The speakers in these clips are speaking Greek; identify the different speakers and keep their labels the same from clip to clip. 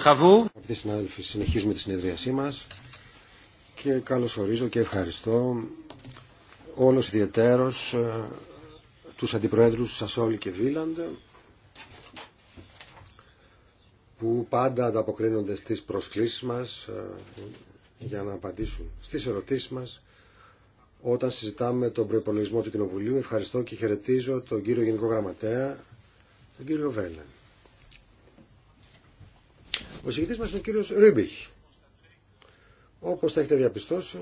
Speaker 1: Αγαπητοί συνάδελφοι, συνεχίζουμε τη συνεδρίασή μας και καλωσορίζω και ευχαριστώ όλος ιδιαιτέρως ε, τους αντιπροέδρους Σασόλη και Βίλαντ που πάντα ανταποκρίνονται στις προσκλήσεις μας ε, για να απαντήσουν στις ερωτήσεις μας όταν συζητάμε τον προπολογισμό του Κοινοβουλίου. Ευχαριστώ και χαιρετίζω τον κύριο Γενικό Γραμματέα, τον κύριο Βέλεν. Ο συγκεκριτής μας είναι ο κύριος Ρίμπιχ. Όπως θα έχετε διαπιστώσει,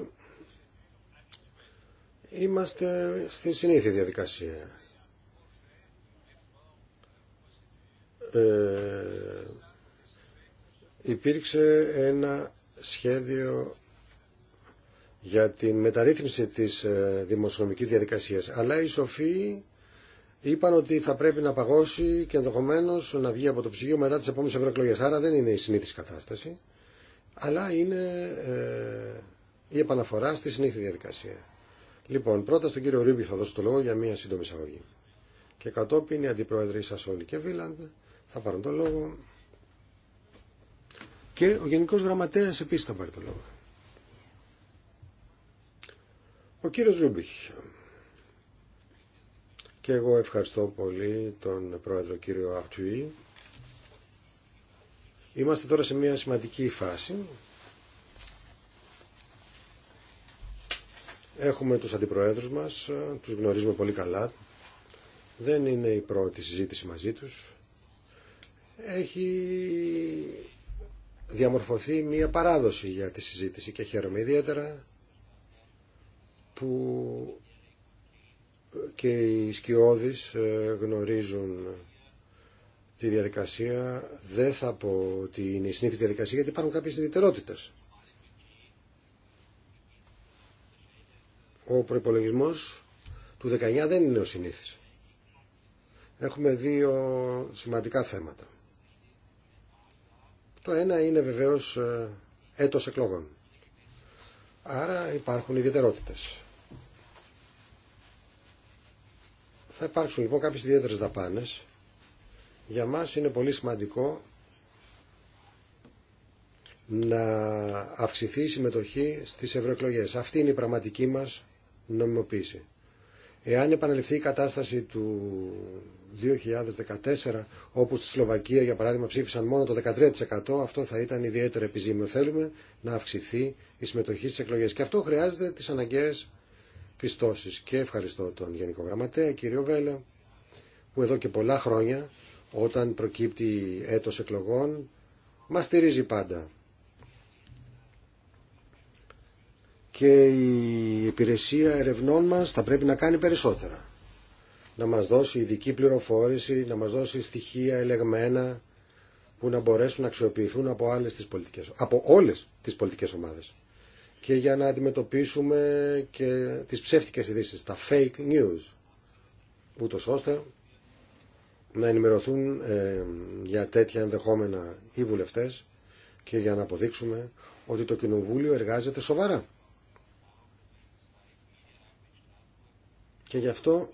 Speaker 1: είμαστε στη συνήθεια διαδικασία. Ε, υπήρξε ένα σχέδιο για την μεταρρύθμιση της ε, δημοσιονομικής διαδικασίας, αλλά η Σοφή είπαν ότι θα πρέπει να παγώσει και ενδεχομένω να βγει από το ψυγείο μετά τι επόμενε ευρωεκλογέ. Άρα δεν είναι η συνήθι κατάσταση, αλλά είναι ε, η επαναφορά στη συνήθι διαδικασία. Λοιπόν, πρώτα στον κύριο Ρούμπι θα δώσω το λόγο για μία σύντομη εισαγωγή. Και κατόπιν οι αντιπρόεδροι όλοι και Βίλαντ θα πάρουν το λόγο. Και ο Γενικός Γραμματέας επίσης θα πάρει το λόγο. Ο κύριος Ρούμπιχ. Και εγώ ευχαριστώ πολύ τον πρόεδρο κύριο Αρτουή. Είμαστε τώρα σε μια σημαντική φάση. Έχουμε τους αντιπροέδρους μας, τους γνωρίζουμε πολύ καλά. Δεν είναι η πρώτη συζήτηση μαζί τους. Έχει διαμορφωθεί μια παράδοση για τη συζήτηση και χαίρομαι ιδιαίτερα που και οι σκιώδεις ε, γνωρίζουν τη διαδικασία. Δεν θα πω ότι είναι η συνήθιση διαδικασία γιατί υπάρχουν κάποιες ιδιαιτερότητες. Ο προϋπολογισμός του 19 δεν είναι ο συνήθις. Έχουμε δύο σημαντικά θέματα. Το ένα είναι βεβαίως ε, έτος εκλογών. Άρα υπάρχουν ιδιαιτερότητες. Θα υπάρξουν λοιπόν κάποιες ιδιαίτερες δαπάνες. Για μας είναι πολύ σημαντικό να αυξηθεί η συμμετοχή στις ευρωεκλογέ. Αυτή είναι η πραγματική μας νομιμοποίηση. Εάν επαναληφθεί η κατάσταση του 2014, όπου στη Σλοβακία για παράδειγμα ψήφισαν μόνο το 13%, αυτό θα ήταν ιδιαίτερα επιζήμιο. Θέλουμε να αυξηθεί η συμμετοχή στις εκλογές. Και αυτό χρειάζεται τις αναγκαίες πιστώσεις. Και ευχαριστώ τον Γενικό Γραμματέα, κύριο Βέλε, που εδώ και πολλά χρόνια, όταν προκύπτει έτος εκλογών, μα στηρίζει πάντα. Και η υπηρεσία ερευνών μας θα πρέπει να κάνει περισσότερα. Να μας δώσει ειδική πληροφόρηση, να μας δώσει στοιχεία ελεγμένα, που να μπορέσουν να αξιοποιηθούν από, άλλες τις πολιτικές, από όλες τις πολιτικές ομάδες και για να αντιμετωπίσουμε και τις ψεύτικες ειδήσει, τα fake news, ούτω ώστε να ενημερωθούν ε, για τέτοια ενδεχόμενα οι βουλευτές και για να αποδείξουμε ότι το Κοινοβούλιο εργάζεται σοβαρά. Και γι' αυτό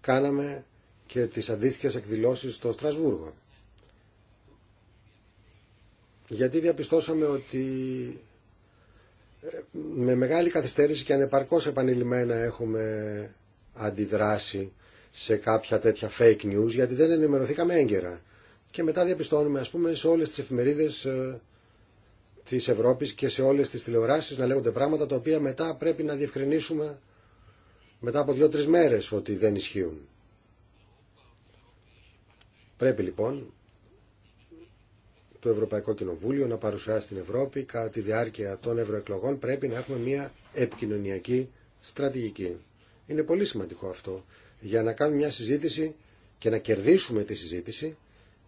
Speaker 1: κάναμε και τις αντίστοιχες εκδηλώσεις στο Στρασβούργο. Γιατί διαπιστώσαμε ότι με μεγάλη καθυστέρηση και ανεπαρκώς επανειλημμένα έχουμε αντιδράσει σε κάποια τέτοια fake news γιατί δεν ενημερωθήκαμε έγκαιρα. Και μετά διαπιστώνουμε ας πούμε σε όλες τις εφημερίδες ε, της Ευρώπης και σε όλες τις τηλεοράσεις να λέγονται πράγματα τα οποία μετά πρέπει να διευκρινίσουμε μετά από δύο-τρεις μέρες ότι δεν ισχύουν. Πρέπει λοιπόν το Ευρωπαϊκό Κοινοβούλιο να παρουσιάσει στην Ευρώπη κατά τη διάρκεια των ευρωεκλογών πρέπει να έχουμε μια επικοινωνιακή στρατηγική. Είναι πολύ σημαντικό αυτό για να κάνουμε μια συζήτηση και να κερδίσουμε τη συζήτηση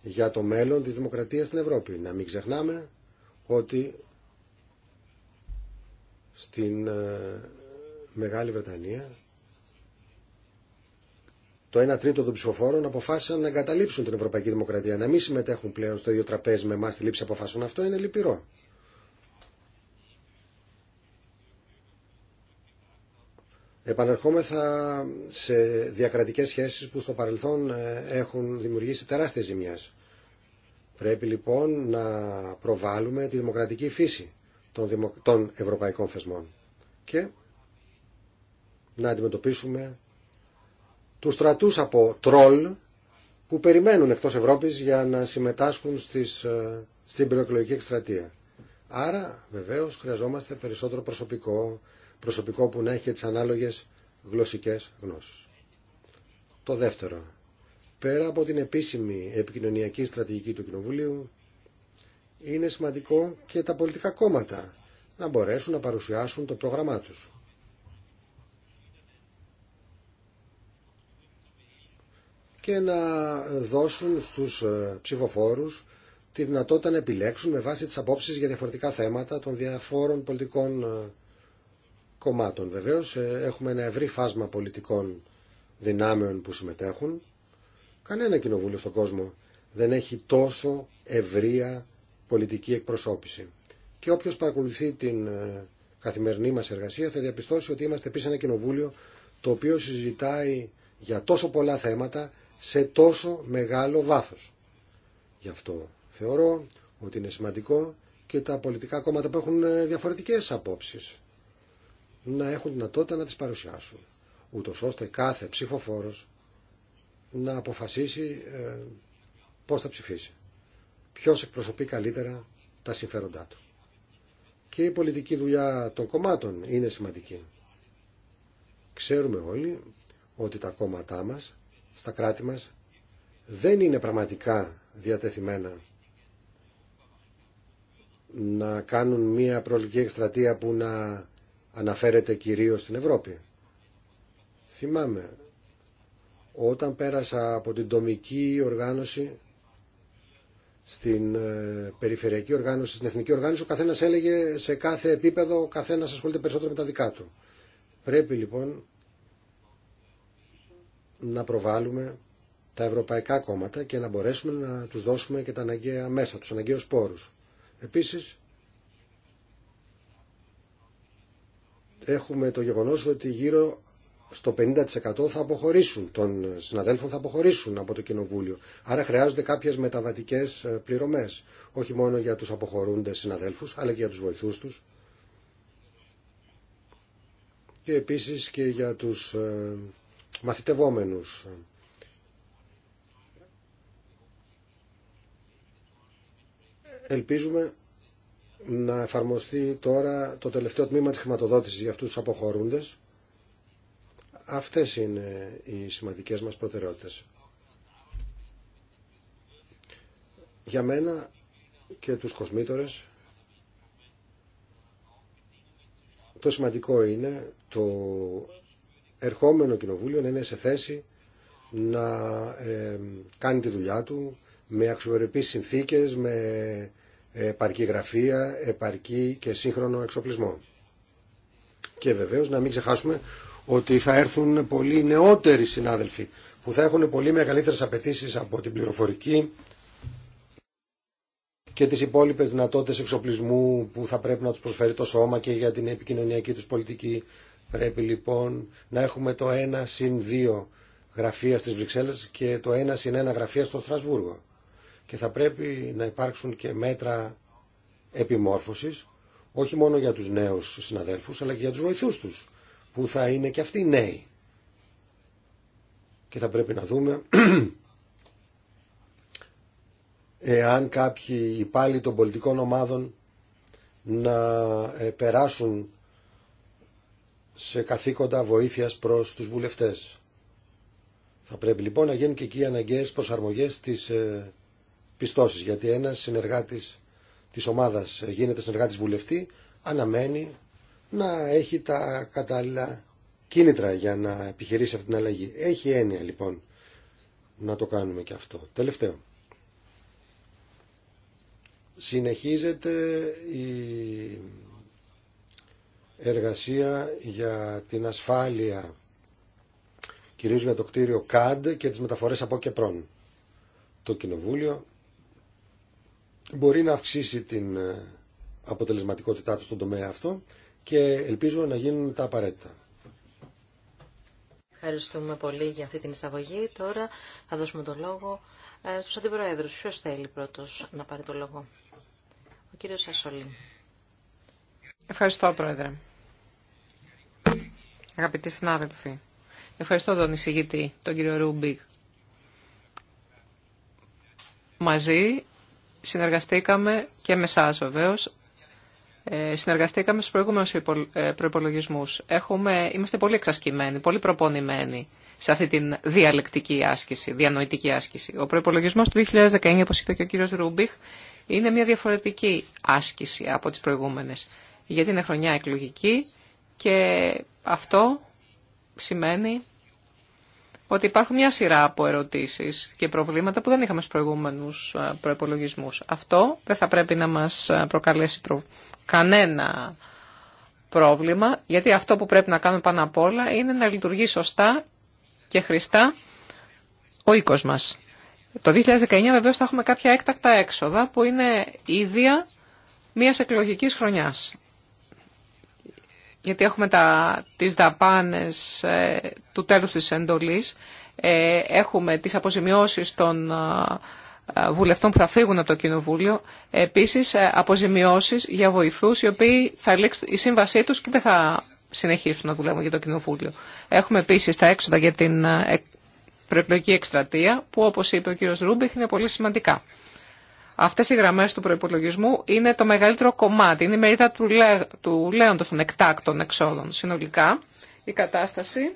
Speaker 1: για το μέλλον της δημοκρατίας στην Ευρώπη. Να μην ξεχνάμε ότι στην ε, Μεγάλη Βρετανία το 1 τρίτο των ψηφοφόρων αποφάσισαν να εγκαταλείψουν την Ευρωπαϊκή Δημοκρατία, να μην συμμετέχουν πλέον στο ίδιο τραπέζι με εμά στη λήψη αποφάσεων. Αυτό είναι λυπηρό. Επανερχόμεθα σε διακρατικές σχέσεις που στο παρελθόν ε, έχουν δημιουργήσει τεράστιες ζημιές. Πρέπει λοιπόν να προβάλλουμε τη δημοκρατική φύση των, ευρωπαϊκών θεσμών και να αντιμετωπίσουμε τους στρατούς από τρόλ που περιμένουν εκτός Ευρώπης για να συμμετάσχουν στις, ε, στην προεκλογική εκστρατεία. Άρα βεβαίως χρειαζόμαστε περισσότερο προσωπικό, προσωπικό που να έχει τις ανάλογες γλωσσικές γνώσεις. Το δεύτερο, πέρα από την επίσημη επικοινωνιακή στρατηγική του Κοινοβουλίου, είναι σημαντικό και τα πολιτικά κόμματα να μπορέσουν να παρουσιάσουν το πρόγραμμά τους. και να δώσουν στους ε, ψηφοφόρους τη δυνατότητα να επιλέξουν με βάση τις απόψεις για διαφορετικά θέματα των διαφόρων πολιτικών ε, κομμάτων. Βεβαίως ε, έχουμε ένα ευρύ φάσμα πολιτικών δυνάμεων που συμμετέχουν. Κανένα κοινοβούλιο στον κόσμο δεν έχει τόσο ευρεία πολιτική εκπροσώπηση. Και όποιος παρακολουθεί την καθημερινή μας εργασία θα διαπιστώσει ότι είμαστε επίσης ένα κοινοβούλιο το οποίο συζητάει για τόσο πολλά θέματα σε τόσο μεγάλο βάθος. Γι' αυτό θεωρώ ότι είναι σημαντικό και τα πολιτικά κόμματα που έχουν ε, διαφορετικές απόψεις να έχουν δυνατότητα να τις παρουσιάσουν, ούτως ώστε κάθε ψηφοφόρος να αποφασίσει ε, πώς θα ψηφίσει, ποιος εκπροσωπεί καλύτερα τα συμφέροντά του. Και η πολιτική δουλειά των κομμάτων είναι σημαντική. Ξέρουμε όλοι ότι τα κόμματά μας στα κράτη μας δεν είναι πραγματικά διατεθειμένα να κάνουν μια προληπτική εκστρατεία που να αναφέρεται κυρίως στην Ευρώπη. Θυμάμαι, όταν πέρασα από την τομική οργάνωση στην ε, περιφερειακή οργάνωση, στην εθνική οργάνωση, ο καθένας έλεγε σε κάθε επίπεδο, ο καθένας ασχολείται περισσότερο με τα δικά του. Πρέπει λοιπόν να προβάλλουμε τα ευρωπαϊκά κόμματα και να μπορέσουμε να τους δώσουμε και τα αναγκαία μέσα, τους αναγκαίους πόρους. Επίσης, έχουμε το γεγονός ότι γύρω στο 50% θα αποχωρήσουν, των συναδέλφων θα αποχωρήσουν από το Κοινοβούλιο. Άρα χρειάζονται κάποιες μεταβατικές ε, πληρωμές, όχι μόνο για τους αποχωρούντες συναδέλφους, αλλά και για τους βοηθούς τους. Και επίσης και για τους ε, μαθητευόμενους. Ελπίζουμε να εφαρμοστεί τώρα το τελευταίο τμήμα της χρηματοδότησης για αυτούς τους αποχωρούντες. Αυτές είναι οι σημαντικές μας προτεραιότητες. Για μένα και τους κοσμήτορες το σημαντικό είναι το ερχόμενο κοινοβούλιο να είναι σε θέση να ε, κάνει τη δουλειά του με αξιοπρεπείς συνθήκες, με ε, επαρκή γραφεία, επαρκή και σύγχρονο εξοπλισμό. Και βεβαίως να μην ξεχάσουμε ότι θα έρθουν πολλοί νεότεροι συνάδελφοι που θα έχουν πολύ μεγαλύτερες απαιτήσεις από την πληροφορική και τις υπόλοιπες δυνατότητες εξοπλισμού που θα πρέπει να τους προσφέρει το σώμα και για την επικοινωνιακή τους πολιτική Πρέπει λοιπόν να έχουμε το 1 συν 2 γραφεία στις Βρυξέλλες και το 1 συν 1 γραφεία στο Στρασβούργο. Και θα πρέπει να υπάρξουν και μέτρα επιμόρφωσης, όχι μόνο για τους νέους συναδέλφους, αλλά και για τους βοηθούς τους, που θα είναι και αυτοί νέοι. Και θα πρέπει να δούμε εάν κάποιοι υπάλληλοι των πολιτικών ομάδων να ε, περάσουν σε καθήκοντα βοήθειας προς τους βουλευτές. Θα πρέπει λοιπόν να γίνουν και εκεί οι αναγκαίες προσαρμογές της ε, γιατί ένας συνεργάτης της ομάδας ε, γίνεται συνεργάτης βουλευτή, αναμένει να έχει τα κατάλληλα κίνητρα για να επιχειρήσει αυτή την αλλαγή. Έχει έννοια λοιπόν να το κάνουμε και αυτό. Τελευταίο. Συνεχίζεται η εργασία για την ασφάλεια κυρίως για το κτίριο ΚΑΝΤ και τις μεταφορές από και πρών. Το Κοινοβούλιο μπορεί να αυξήσει την ε, αποτελεσματικότητά του στον τομέα αυτό και ελπίζω να γίνουν τα απαραίτητα.
Speaker 2: Ευχαριστούμε πολύ για αυτή την εισαγωγή. Τώρα θα δώσουμε το λόγο ε, στους αντιπροέδρους. Ποιος θέλει πρώτος να πάρει το λόγο. Ο κύριος Ασολή.
Speaker 3: Ευχαριστώ, Πρόεδρε αγαπητοί συνάδελφοι. Ευχαριστώ τον εισηγητή, τον κύριο Ρούμπιχ. Μαζί συνεργαστήκαμε και με εσά βεβαίω. Ε, συνεργαστήκαμε στους προηγούμενους ε, προϋπολογισμούς. είμαστε πολύ εξασκημένοι, πολύ προπονημένοι σε αυτή την διαλεκτική άσκηση, διανοητική άσκηση. Ο προϋπολογισμός του 2019, όπως είπε και ο κύριος Ρούμπιχ, είναι μια διαφορετική άσκηση από τις προηγούμενες. Γιατί είναι χρονιά εκλογική και αυτό σημαίνει ότι υπάρχουν μια σειρά από ερωτήσεις και προβλήματα που δεν είχαμε στους προηγούμενους ε, προϋπολογισμούς. Αυτό δεν θα πρέπει να μας ε, προκαλέσει κανένα πρόβλημα, γιατί αυτό που πρέπει να κάνουμε πάνω απ' όλα είναι να λειτουργεί σωστά και χρηστά ο οίκος μας. Το 2019 βεβαίως θα έχουμε κάποια έκτακτα έξοδα που είναι ίδια μιας εκλογικής χρονιάς γιατί έχουμε τα, τις δαπάνες ε, του τέλους της εντολής, ε, έχουμε τις αποζημιώσεις των ε, βουλευτών που θα φύγουν από το Κοινοβούλιο, επίσης αποζημιώσεις για βοηθούς οι οποίοι θα λήξουν η σύμβασή τους και δεν θα συνεχίσουν να δουλεύουν για το Κοινοβούλιο. Έχουμε επίσης τα έξοδα για την προεκλογική εκστρατεία, που όπως είπε ο κύριος Ρούμπιχ είναι πολύ σημαντικά. Αυτές οι γραμμές του προϋπολογισμού είναι το μεγαλύτερο κομμάτι, είναι η μερίδα του, λέ, του λέοντος των εκτάκτων εξόδων. Συνολικά η κατάσταση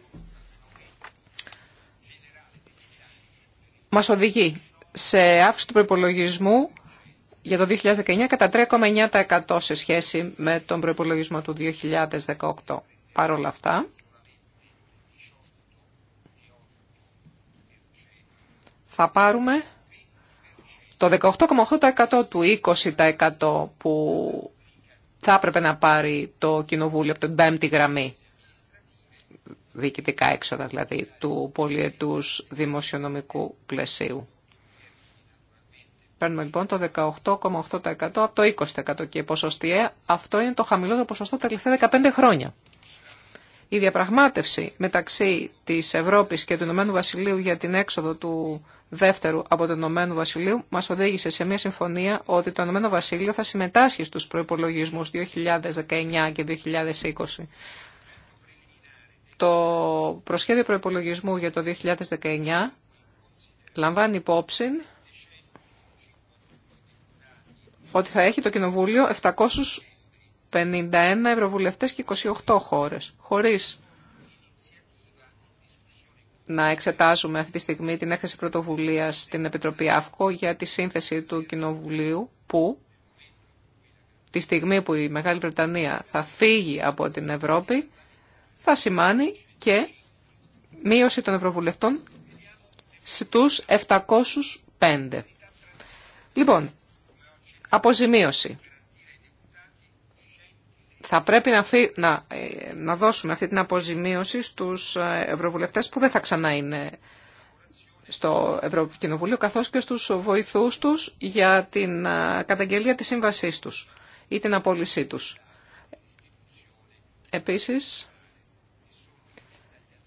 Speaker 3: μας οδηγεί σε αύξηση του προϋπολογισμού για το 2019 κατά 3,9% σε σχέση με τον προϋπολογισμό του 2018. Παρ' όλα αυτά, θα πάρουμε το 18,8% του 20% που θα έπρεπε να πάρει το Κοινοβούλιο από την πέμπτη γραμμή, διοικητικά έξοδα δηλαδή, του πολιετούς δημοσιονομικού πλαισίου. Παίρνουμε λοιπόν το 18,8% από το 20% και ποσοστιαία αυτό είναι το χαμηλότερο ποσοστό τα τελευταία 15 χρόνια η διαπραγμάτευση μεταξύ της Ευρώπης και του Ηνωμένου Βασιλείου για την έξοδο του δεύτερου από το Ηνωμένο Βασιλείο μας οδήγησε σε μια συμφωνία ότι το Ηνωμένο Βασίλειο θα συμμετάσχει στους προϋπολογισμούς 2019 και 2020. Το προσχέδιο προϋπολογισμού για το 2019 λαμβάνει υπόψη ότι θα έχει το Κοινοβούλιο 700 51 ευρωβουλευτές και 28 χώρες, χωρίς να εξετάζουμε αυτή τη στιγμή την έκθεση πρωτοβουλίας στην Επιτροπή ΑΦΚΟ για τη σύνθεση του Κοινοβουλίου που τη στιγμή που η Μεγάλη Βρετανία θα φύγει από την Ευρώπη θα σημάνει και μείωση των ευρωβουλευτών στους 705. Λοιπόν, αποζημίωση θα πρέπει να, να, ε, να δώσουμε αυτή την αποζημίωση στους ε, ευρωβουλευτές που δεν θα ξανά είναι στο Ευρωκοινοβούλιο, καθώς και στους βοηθούς τους για την ε, καταγγελία της σύμβασής τους ή την απόλυσή τους. Επίσης,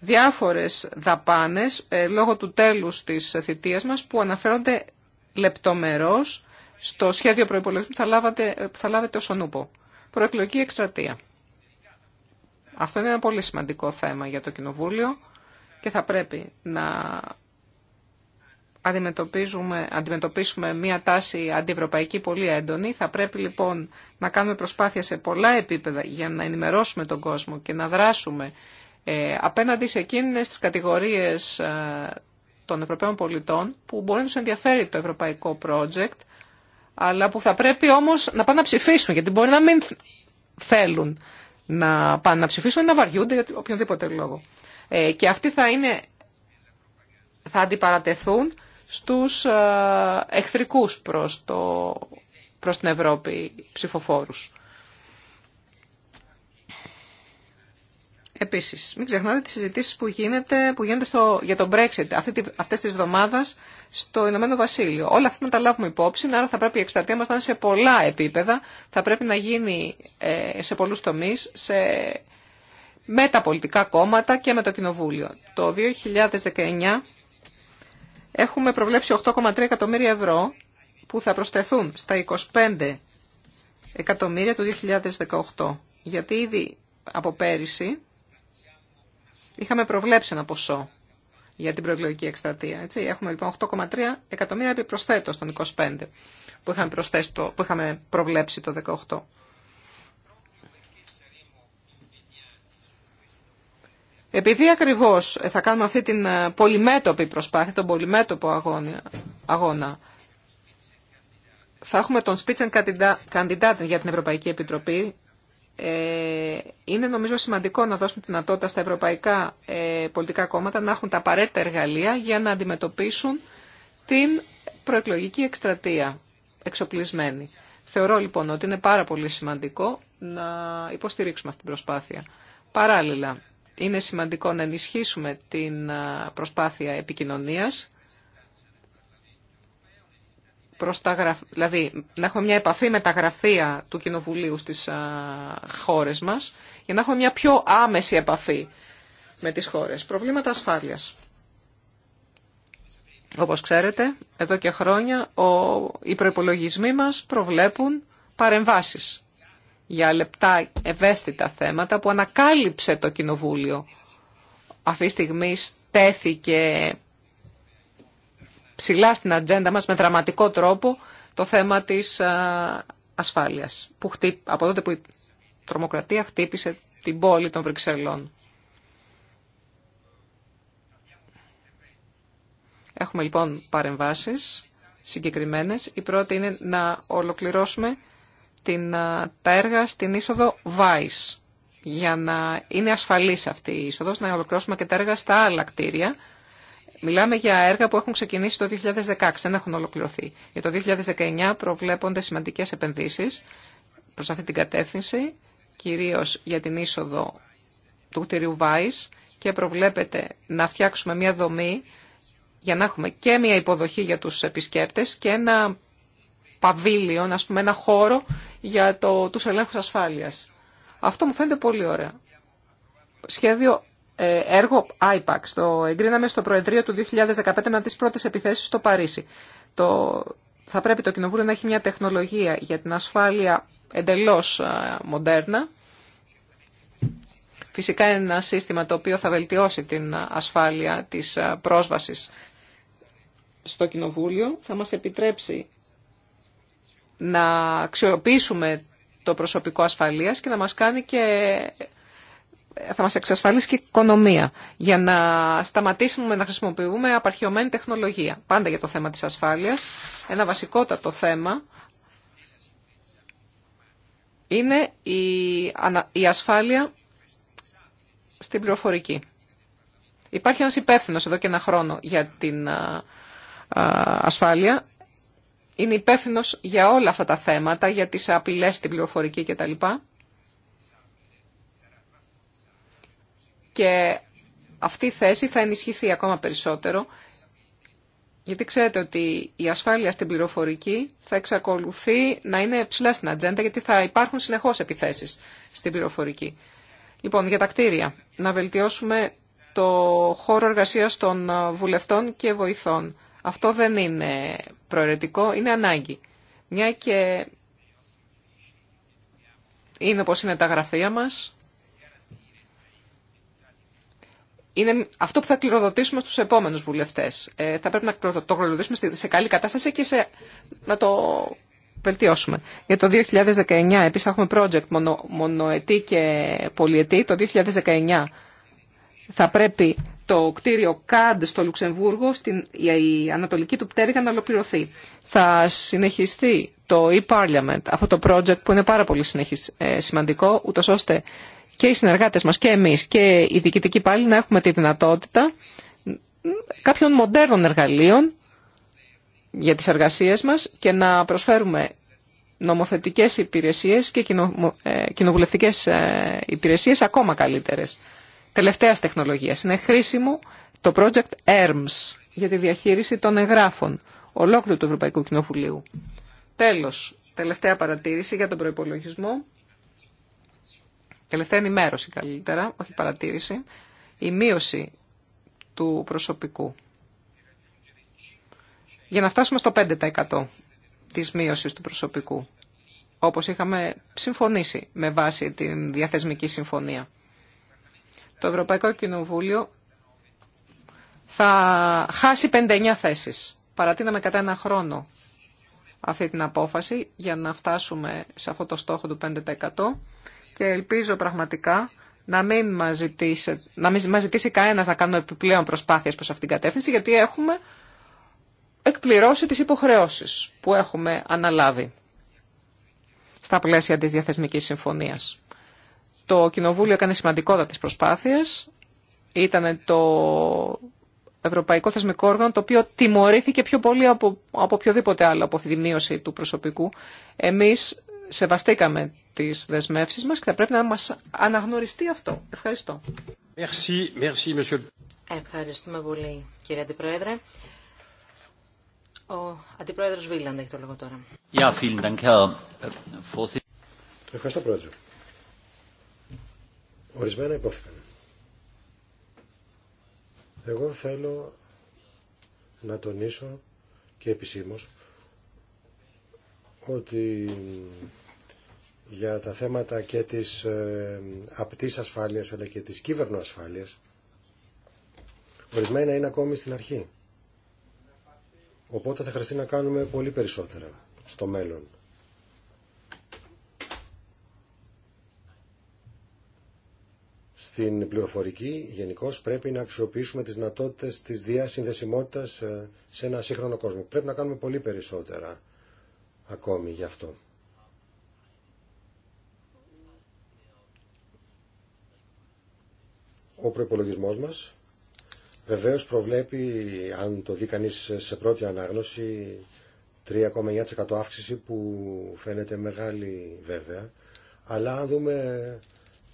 Speaker 3: διάφορες δαπάνες λόγω του τέλους της θητείας μας που αναφέρονται λεπτομερώς στο σχέδιο προϋπολογισμού που θα λάβετε, θα λάβετε προεκλογική εκστρατεία. Αυτό είναι ένα πολύ σημαντικό θέμα για το Κοινοβούλιο και θα πρέπει να αντιμετωπίζουμε, αντιμετωπίσουμε μια τάση αντιευρωπαϊκή πολύ έντονη. Θα πρέπει λοιπόν να κάνουμε προσπάθεια σε πολλά επίπεδα για να ενημερώσουμε τον κόσμο και να δράσουμε ε, απέναντι σε εκείνες τις κατηγορίες ε, των Ευρωπαίων πολιτών που μπορεί να τους ενδιαφέρει το ευρωπαϊκό project αλλά που θα πρέπει όμως να πάνε να ψηφίσουν, γιατί μπορεί να μην θέλουν να πάνε να ψηφίσουν ή να βαριούνται για οποιονδήποτε λόγο. Ε, και αυτοί θα, είναι, θα αντιπαρατεθούν στους ε, εχθρικούς προς, το, προς την Ευρώπη ψηφοφόρους. Επίσης, μην ξεχνάτε τις συζητήσει που, γίνεται, που γίνονται στο, για το Brexit αυτέ αυτές τις στο Ηνωμένο Βασίλειο. Όλα αυτά να τα λάβουμε υπόψη, άρα θα πρέπει η εκστρατεία μα να είναι σε πολλά επίπεδα, θα πρέπει να γίνει ε, σε πολλού τομεί σε, με τα πολιτικά κόμματα και με το Κοινοβούλιο. Το 2019 έχουμε προβλέψει 8,3 εκατομμύρια ευρώ που θα προσθεθούν στα 25 εκατομμύρια του 2018. Γιατί ήδη από πέρυσι Είχαμε προβλέψει ένα ποσό για την προεκλογική εκστρατεία. Έτσι. Έχουμε λοιπόν 8,3 εκατομμύρια επιπροσθέτω στον 25 που είχαμε, το, που είχαμε προβλέψει το 18. Επειδή ακριβώς ε, θα κάνουμε αυτή την ε, πολυμέτωπη προσπάθεια, τον πολυμέτωπο αγώνα, αγώνα θα έχουμε τον Spitzenkandidaten για την Ευρωπαϊκή Επιτροπή ε, είναι νομίζω σημαντικό να δώσουμε την δυνατότητα στα ευρωπαϊκά ε, πολιτικά κόμματα να έχουν τα απαραίτητα εργαλεία για να αντιμετωπίσουν την προεκλογική εκστρατεία εξοπλισμένη. Θεωρώ λοιπόν ότι είναι πάρα πολύ σημαντικό να υποστηρίξουμε αυτή την προσπάθεια. Παράλληλα, είναι σημαντικό να ενισχύσουμε την προσπάθεια επικοινωνίας προς τα γραφ... δηλαδή να έχουμε μια επαφή με τα γραφεία του Κοινοβουλίου στις χώρες μας, για να έχουμε μια πιο άμεση επαφή με τις χώρες. Προβλήματα ασφάλειας. Όπως ξέρετε, εδώ και χρόνια ο... οι προπολογισμοί μας προβλέπουν παρεμβάσεις για λεπτά ευαίσθητα θέματα που ανακάλυψε το Κοινοβούλιο. Αυτή τη στιγμή στέθηκε ψηλά στην ατζέντα μας με δραματικό τρόπο το θέμα της ασφάλειας. Που από τότε που η τρομοκρατία χτύπησε την πόλη των Βρυξελών. Έχουμε λοιπόν παρεμβάσεις συγκεκριμένες. Η πρώτη είναι να ολοκληρώσουμε την, τα έργα στην είσοδο Vice για να είναι ασφαλής αυτή η είσοδος, να ολοκληρώσουμε και τα έργα στα άλλα κτίρια Μιλάμε για έργα που έχουν ξεκινήσει το 2016, δεν έχουν ολοκληρωθεί. Για το 2019 προβλέπονται σημαντικές επενδύσεις προς αυτή την κατεύθυνση, κυρίως για την είσοδο του κτηρίου ΒΑΙΣ και προβλέπεται να φτιάξουμε μια δομή για να έχουμε και μια υποδοχή για τους επισκέπτες και ένα παβίλιο, ας πούμε, ένα χώρο για το, τους ελέγχους ασφάλειας. Αυτό μου φαίνεται πολύ ωραίο. Σχέδιο ε, έργο IPAX. Το εγκρίναμε στο Προεδρείο του 2015 με τις πρώτες επιθέσεις στο Παρίσι. Το... Θα πρέπει το Κοινοβούλιο να έχει μια τεχνολογία για την ασφάλεια εντελώς ε, μοντέρνα. Φυσικά είναι ένα σύστημα το οποίο θα βελτιώσει την ασφάλεια της ε, πρόσβασης στο Κοινοβούλιο. Θα μας επιτρέψει να αξιοποιήσουμε το προσωπικό ασφαλείας και να μας κάνει και θα μας εξασφαλίσει και η οικονομία για να σταματήσουμε να χρησιμοποιούμε απαρχαιωμένη τεχνολογία. Πάντα για το θέμα της ασφάλειας, ένα βασικότατο θέμα είναι η ασφάλεια στην πληροφορική. Υπάρχει ένας υπεύθυνος εδώ και ένα χρόνο για την ασφάλεια. Είναι υπεύθυνο για όλα αυτά τα θέματα, για τις απειλές στην πληροφορική κτλ. και αυτή η θέση θα ενισχυθεί ακόμα περισσότερο, γιατί ξέρετε ότι η ασφάλεια στην πληροφορική θα εξακολουθεί να είναι ψηλά στην ατζέντα, γιατί θα υπάρχουν συνεχώς επιθέσεις στην πληροφορική. Λοιπόν, για τα κτίρια, να βελτιώσουμε το χώρο εργασίας των βουλευτών και βοηθών. Αυτό δεν είναι προαιρετικό, είναι ανάγκη. Μια και είναι όπως είναι τα γραφεία μας, είναι αυτό που θα κληροδοτήσουμε στους επόμενους βουλευτές. Ε, θα πρέπει να το κληροδοτήσουμε σε καλή κατάσταση και σε, να το βελτιώσουμε. Για το 2019 επίσης θα έχουμε project μονο, μονοετή και πολυετή. Το 2019 θα πρέπει το κτίριο ΚΑΝΤ στο Λουξεμβούργο, στην, η ανατολική του πτέρυγα να ολοκληρωθεί. Θα συνεχιστεί το e-Parliament, αυτό το project που είναι πάρα πολύ ε, σημαντικό, ούτως ώστε και οι συνεργάτες μας και εμείς και οι διοικητικοί πάλι να έχουμε τη δυνατότητα κάποιων μοντέρνων εργαλείων για τις εργασίες μας και να προσφέρουμε νομοθετικές υπηρεσίες και ε, κοινοβουλευτικές ε, υπηρεσίες ακόμα καλύτερες. Τελευταίας τεχνολογίας. Είναι χρήσιμο το project ERMS για τη διαχείριση των εγγράφων ολόκληρου του Ευρωπαϊκού Κοινοβουλίου. Τέλος, τελευταία παρατήρηση για τον προϋπολογισμό τελευταία ενημέρωση καλύτερα, όχι παρατήρηση, η μείωση του προσωπικού. Για να φτάσουμε στο 5% της μείωσης του προσωπικού, όπως είχαμε συμφωνήσει με βάση την διαθεσμική συμφωνία. Το Ευρωπαϊκό Κοινοβούλιο θα χάσει 59 θέσεις. Παρατείναμε κατά ένα χρόνο αυτή την απόφαση για να φτάσουμε σε αυτό το στόχο του 5% και ελπίζω πραγματικά να μην μας ζητήσει, να μην μας ζητήσει κανένας να κάνουμε επιπλέον προσπάθειες προς αυτήν την κατεύθυνση, γιατί έχουμε εκπληρώσει τις υποχρεώσεις που έχουμε αναλάβει στα πλαίσια της Διαθεσμικής Συμφωνίας. Το Κοινοβούλιο έκανε σημαντικότατες προσπάθειες, ήταν το Ευρωπαϊκό Θεσμικό Όργανο, το οποίο τιμωρήθηκε πιο πολύ από, από οποιοδήποτε άλλο, από τη μείωση του προσωπικού. Εμείς σεβαστήκαμε τις δεσμεύσεις μας και θα πρέπει να μας αναγνωριστεί αυτό. Ευχαριστώ. Merci, merci,
Speaker 2: Ευχαριστούμε πολύ κύριε Αντιπρόεδρε. Ο Αντιπρόεδρος Βίλαντ έχει το λόγο
Speaker 1: τώρα. Ja, vielen Dank, Herr äh, Ευχαριστώ Πρόεδρε. Ορισμένα υπόθηκαν. Εγώ θέλω να τονίσω και επισήμως ότι για τα θέματα και της ε, απτής ασφάλειας αλλά και της κύβερνο ασφάλειας ορισμένα είναι ακόμη στην αρχή. Οπότε θα χρειαστεί να κάνουμε πολύ περισσότερα στο μέλλον. Στην πληροφορική γενικώ πρέπει να αξιοποιήσουμε τις δυνατότητες της διασυνδεσιμότητας ε, σε ένα σύγχρονο κόσμο. Πρέπει να κάνουμε πολύ περισσότερα ακόμη γι' αυτό. Ο προπολογισμό μας βεβαίως προβλέπει, αν το δει κανείς σε πρώτη ανάγνωση, 3,9% αύξηση που φαίνεται μεγάλη βέβαια. Αλλά αν δούμε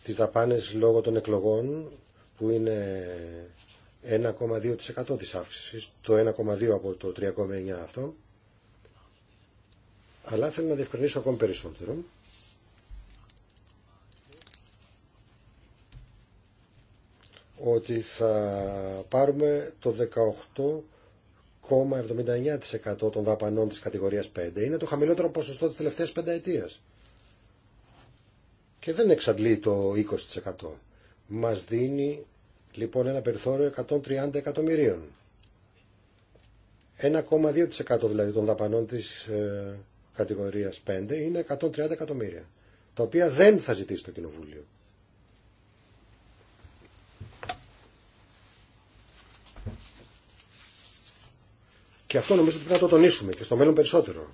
Speaker 1: τις δαπάνες λόγω των εκλογών που είναι 1,2% της αύξησης, το 1,2 από το 3,9 αυτό, αλλά θέλω να διευκρινίσω ακόμη περισσότερο. ότι θα πάρουμε το 18,79% των δαπανών της κατηγορίας 5. Είναι το χαμηλότερο ποσοστό της τελευταίας πενταετίας. Και δεν εξαντλεί το 20%. Μας δίνει λοιπόν ένα περιθώριο 130 εκατομμυρίων. 1,2% δηλαδή των δαπανών της ε, κατηγορίας 5 είναι 130 εκατομμύρια, τα οποία δεν θα ζητήσει το Κοινοβούλιο. Και αυτό νομίζω ότι πρέπει να το τονίσουμε και στο μέλλον περισσότερο.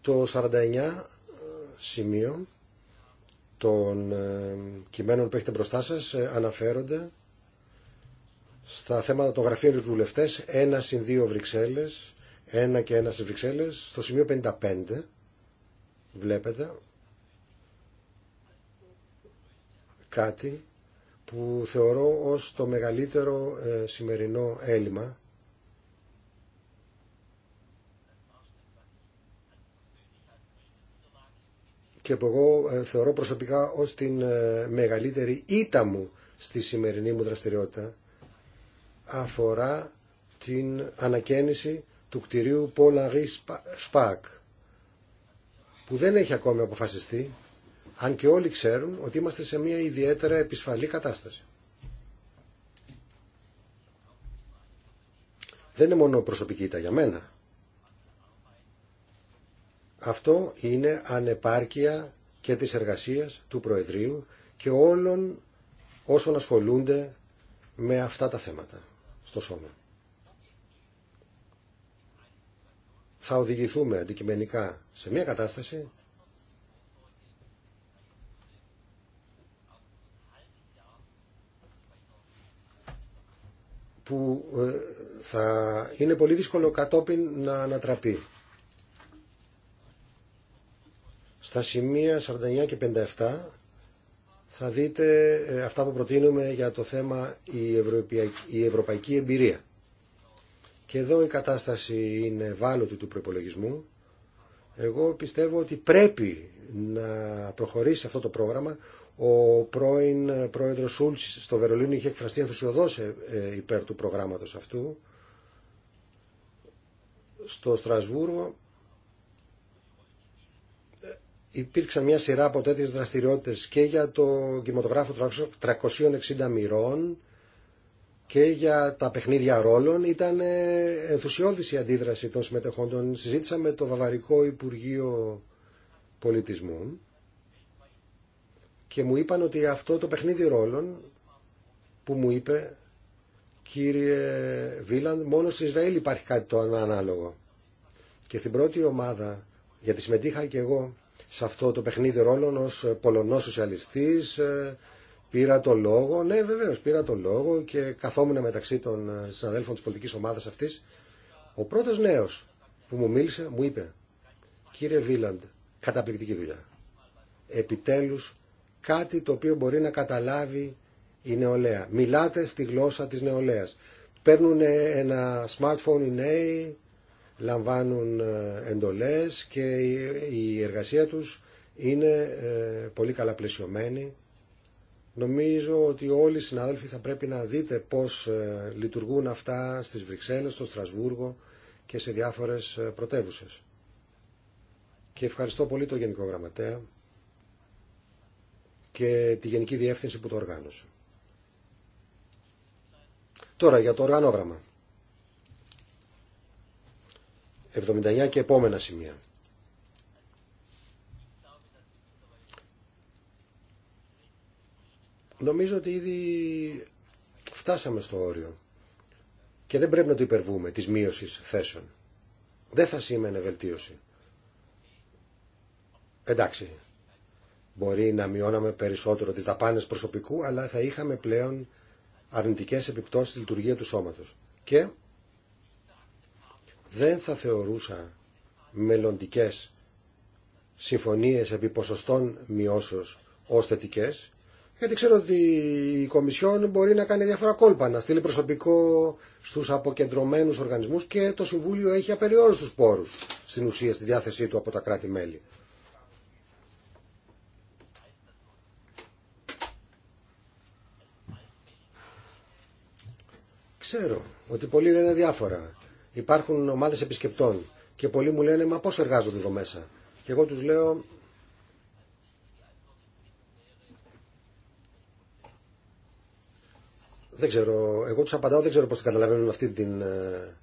Speaker 1: Το 49 ε, σημείο των ε, κειμένων που έχετε μπροστά σας ε, αναφέρονται στα θέματα των γραφείων του βουλευτέ, ένα συν δύο Βρυξέλλε, ένα και ένα στι Βρυξέλλε, στο σημείο 55, βλέπετε, κάτι που θεωρώ ως το μεγαλύτερο ε, σημερινό έλλειμμα και που εγώ ε, θεωρώ προσωπικά ως την ε, μεγαλύτερη ήττα μου στη σημερινή μου δραστηριότητα αφορά την ανακαίνιση του κτηρίου Πολαρή Σπακ που δεν έχει ακόμη αποφασιστεί αν και όλοι ξέρουν ότι είμαστε σε μια ιδιαίτερα επισφαλή κατάσταση. Δεν είναι μόνο προσωπική τα για μένα. Αυτό είναι ανεπάρκεια και της εργασίας του Προεδρείου και όλων όσων ασχολούνται με αυτά τα θέματα στο σώμα. Θα οδηγηθούμε αντικειμενικά σε μια κατάσταση που ε, θα είναι πολύ δύσκολο κατόπιν να ανατραπεί. Στα σημεία 49 και 57 θα δείτε ε, αυτά που προτείνουμε για το θέμα η ευρωπαϊκή εμπειρία. Και εδώ η κατάσταση είναι ευάλωτη του προπολογισμού. Εγώ πιστεύω ότι πρέπει να προχωρήσει αυτό το πρόγραμμα. Ο πρώην πρόεδρος Σούλτς στο Βερολίνο είχε εκφραστεί ενθουσιοδός ε, ε, υπέρ του προγράμματος αυτού. Στο Στρασβούργο υπήρξαν μια σειρά από τέτοιε δραστηριότητε και για το κινηματογράφο 360 μοιρών και για τα παιχνίδια ρόλων. Ήταν ε, ενθουσιώδης η αντίδραση των συμμετεχόντων. Συζήτησα με το Βαβαρικό Υπουργείο Πολιτισμού και μου είπαν ότι αυτό το παιχνίδι ρόλων που μου είπε κύριε Βίλαν μόνο στο Ισραήλ υπάρχει κάτι το ανάλογο. Και στην πρώτη ομάδα, γιατί συμμετείχα και εγώ, σε αυτό το παιχνίδι ρόλων ως Πολωνός σοσιαλιστής ε, πήρα το λόγο, ναι βεβαίως πήρα το λόγο και καθόμουν μεταξύ των ε, συναδέλφων της πολιτικής ομάδας αυτής ο πρώτος νέος που μου μίλησε μου είπε κύριε Βίλαντ καταπληκτική δουλειά επιτέλους κάτι το οποίο μπορεί να καταλάβει η νεολαία μιλάτε στη γλώσσα της νεολαίας παίρνουν ένα smartphone οι νέοι λαμβάνουν ε, εντολές και η εργασία τους είναι ε, πολύ καλά πλαισιωμένη. Νομίζω ότι όλοι οι συνάδελφοι θα πρέπει να δείτε πώς ε, λειτουργούν αυτά στις Βρυξέλλες, στο Στρασβούργο και σε διάφορες πρωτεύουσες. Και ευχαριστώ πολύ τον Γενικό Γραμματέα και τη Γενική Διεύθυνση που το οργάνωσε. Τώρα για το οργανόγραμμα. 79 και επόμενα σημεία. Νομίζω ότι ήδη φτάσαμε στο όριο και δεν πρέπει να το υπερβούμε της μείωσης θέσεων. Δεν θα σήμαινε βελτίωση. Εντάξει, μπορεί να μειώναμε περισσότερο τις δαπάνες προσωπικού, αλλά θα είχαμε πλέον αρνητικές επιπτώσεις στη λειτουργία του σώματος. Και δεν θα θεωρούσα μελλοντικές συμφωνίες επί ποσοστών μειώσεως ως θετικές, γιατί ξέρω ότι η Κομισιόν μπορεί να κάνει διάφορα κόλπα, να στείλει προσωπικό στους αποκεντρωμένους οργανισμούς και το Συμβούλιο έχει απεριόριστους πόρους στην ουσία στη διάθεσή του από τα κράτη-μέλη. Ξέρω ότι πολλοί λένε διάφορα Υπάρχουν ομάδε επισκεπτών και πολλοί μου λένε Μα πώ εργάζονται εδώ μέσα. Και εγώ του λέω. Δεν ξέρω, εγώ τους απαντάω, δεν ξέρω πώς καταλαβαίνουν αυτή την ε,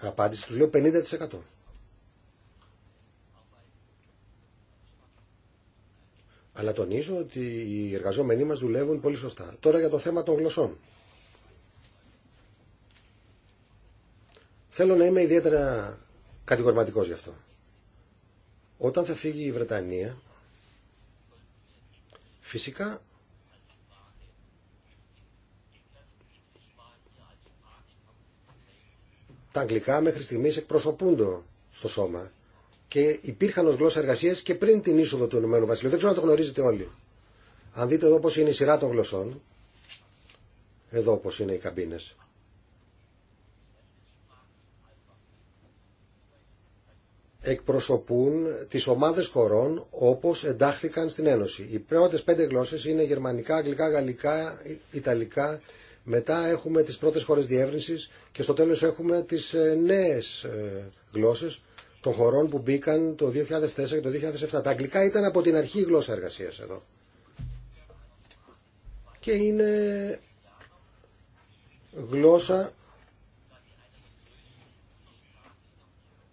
Speaker 1: απάντηση. του λέω 50%. Αλλά τονίζω ότι οι εργαζόμενοι μας δουλεύουν πολύ σωστά. Τώρα για το θέμα των γλωσσών. Θέλω να είμαι ιδιαίτερα κατηγορηματικός γι' αυτό. Όταν θα φύγει η Βρετανία, φυσικά τα αγγλικά μέχρι στιγμής εκπροσωπούνται στο σώμα και υπήρχαν ως γλώσσα εργασία και πριν την είσοδο του Ηνωμένου Βασιλείου. Δεν ξέρω αν το γνωρίζετε όλοι. Αν δείτε εδώ πώς είναι η σειρά των γλωσσών, εδώ πώς είναι οι καμπίνες. εκπροσωπούν τις ομάδες χωρών όπως εντάχθηκαν στην Ένωση. Οι πρώτες πέντε γλώσσες είναι γερμανικά, αγγλικά, γαλλικά, ιταλικά. Μετά έχουμε τις πρώτες χώρες διεύρυνσης και στο τέλος έχουμε τις ε, νέες ε, γλώσσες των χωρών που μπήκαν το 2004 και το 2007. Τα αγγλικά ήταν από την αρχή γλώσσα εργασίας εδώ. Και είναι γλώσσα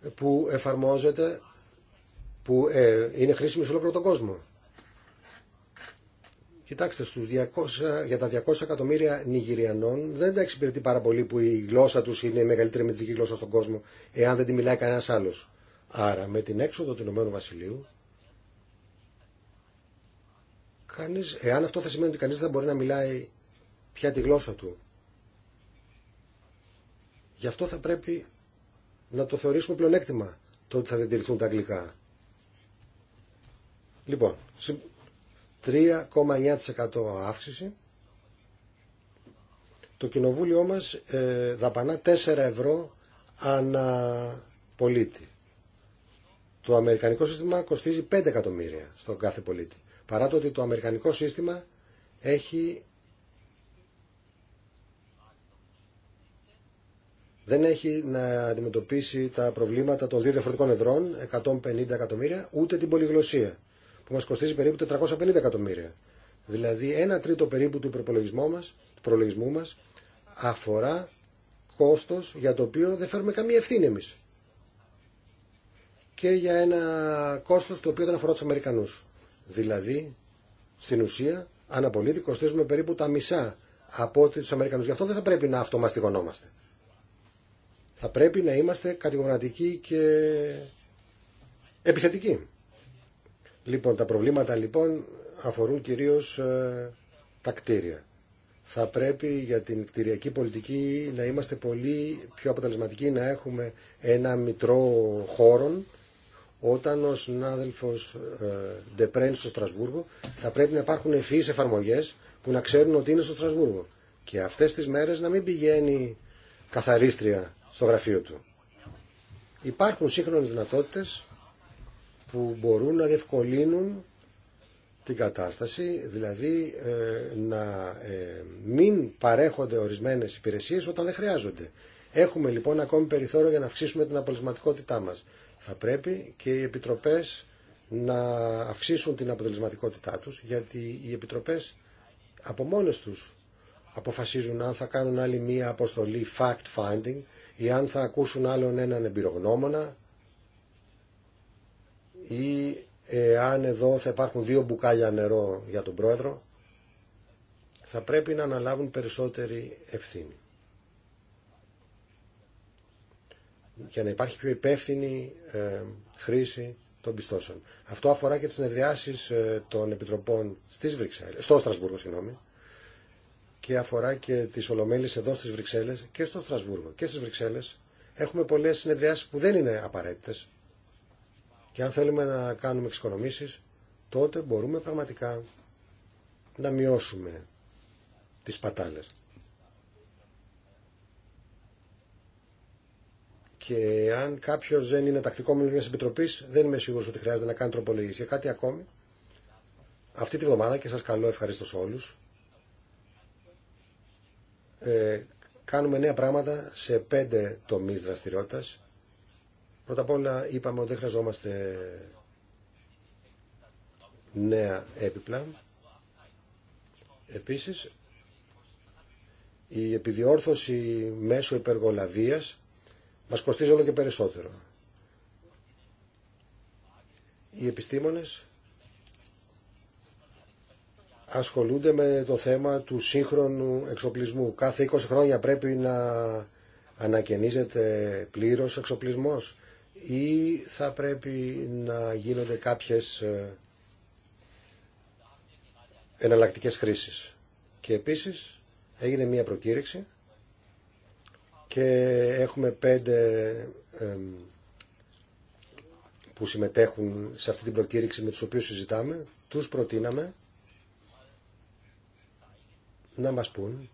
Speaker 1: που εφαρμόζεται, που ε, είναι χρήσιμη σε όλο τον κόσμο. Κοιτάξτε, στους 200, για τα 200 εκατομμύρια Νιγηριανών δεν τα εξυπηρετεί πάρα πολύ που η γλώσσα τους είναι η μεγαλύτερη μετρική γλώσσα στον κόσμο, εάν δεν τη μιλάει κανένας άλλος. Άρα, με την έξοδο του Ηνωμένου Βασιλείου, κανείς, εάν αυτό θα σημαίνει ότι κανείς δεν μπορεί να μιλάει πια τη γλώσσα του, γι' αυτό θα πρέπει να το θεωρήσουμε πλεονέκτημα το ότι θα διατηρηθούν τα αγγλικά. Λοιπόν, 3,9% αύξηση. Το κοινοβούλιο μας ε, δαπανά 4 ευρώ ανά πολίτη. Το αμερικανικό σύστημα κοστίζει 5 εκατομμύρια στον κάθε πολίτη. Παρά το ότι το αμερικανικό σύστημα έχει δεν έχει να αντιμετωπίσει τα προβλήματα των δύο διαφορετικών εδρών, 150 εκατομμύρια, ούτε την πολυγλωσία, που μα κοστίζει περίπου 450 εκατομμύρια. Δηλαδή ένα τρίτο περίπου του προπολογισμού μα, προλογισμού μας αφορά κόστος για το οποίο δεν φέρουμε καμία ευθύνη εμείς. Και για ένα κόστος το οποίο δεν αφορά τους Αμερικανούς. Δηλαδή, στην ουσία, αναπολίτη κοστίζουμε περίπου τα μισά από ό,τι τους Αμερικανούς. Γι' αυτό δεν θα πρέπει να αυτομαστιγωνόμαστε. Θα πρέπει να είμαστε κατηγορηματικοί και επιθετικοί. Λοιπόν, τα προβλήματα λοιπόν αφορούν κυρίως ε, τα κτίρια. Θα πρέπει για την κτηριακή πολιτική να είμαστε πολύ πιο αποτελεσματικοί, να έχουμε ένα μητρό χώρων. Όταν ο συνάδελφος ε, Ντεπρέν στο Στρασβούργο θα πρέπει να υπάρχουν ευφύης εφαρμογές που να ξέρουν ότι είναι στο Στρασβούργο. Και αυτές τις μέρες να μην πηγαίνει καθαρίστρια στο γραφείο του. Υπάρχουν σύγχρονες δυνατότητες που μπορούν να διευκολύνουν την κατάσταση, δηλαδή ε, να ε, μην παρέχονται ορισμένες υπηρεσίες όταν δεν χρειάζονται. Έχουμε λοιπόν ακόμη περιθώριο για να αυξήσουμε την αποτελεσματικότητά μας. Θα πρέπει και οι επιτροπές να αυξήσουν την αποτελεσματικότητά τους, γιατί οι επιτροπές από μόνες τους αποφασίζουν αν θα κάνουν άλλη μία αποστολή fact-finding ή αν θα ακούσουν άλλον έναν εμπειρογνώμονα ή ε, αν εδώ θα υπάρχουν δύο μπουκάλια νερό για τον πρόεδρο θα πρέπει να αναλάβουν περισσότερη ευθύνη. Για να υπάρχει πιο υπεύθυνη ε, χρήση των πιστώσεων. Αυτό αφορά και τις συνεδριάσεις ε, των επιτροπών στις Βρυξέλλες, στο Στρασβούργο, συγγνώμη και αφορά και τι Ολομέλειε εδώ στις Βρυξέλλες και στο Στρασβούργο και στις Βρυξέλλες έχουμε πολλές συνεδριάσεις που δεν είναι απαραίτητες και αν θέλουμε να κάνουμε εξοικονομήσεις τότε μπορούμε πραγματικά να μειώσουμε τις πατάλες. Και αν κάποιο δεν είναι τακτικό μέλο μια επιτροπή, δεν είμαι σίγουρο ότι χρειάζεται να κάνει τροπολογίε. Για κάτι ακόμη, αυτή τη βδομάδα και σα καλώ ευχαρίστω όλου, ε, κάνουμε νέα πράγματα σε πέντε τομείς δραστηριότητας. Πρώτα απ' όλα είπαμε ότι δεν χρειαζόμαστε νέα έπιπλα. Επίσης, η επιδιόρθωση μέσω υπεργολαβίας μας κοστίζει όλο και περισσότερο. Οι επιστήμονες ασχολούνται με το θέμα του σύγχρονου εξοπλισμού. Κάθε 20 χρόνια πρέπει να ανακαινίζεται πλήρως εξοπλισμός ή θα πρέπει να γίνονται κάποιες ε, εναλλακτικές χρήσεις. Και επίσης έγινε μία προκήρυξη και έχουμε πέντε που συμμετέχουν σε αυτή την προκήρυξη με τους οποίους συζητάμε. Τους προτείναμε να μας πούν,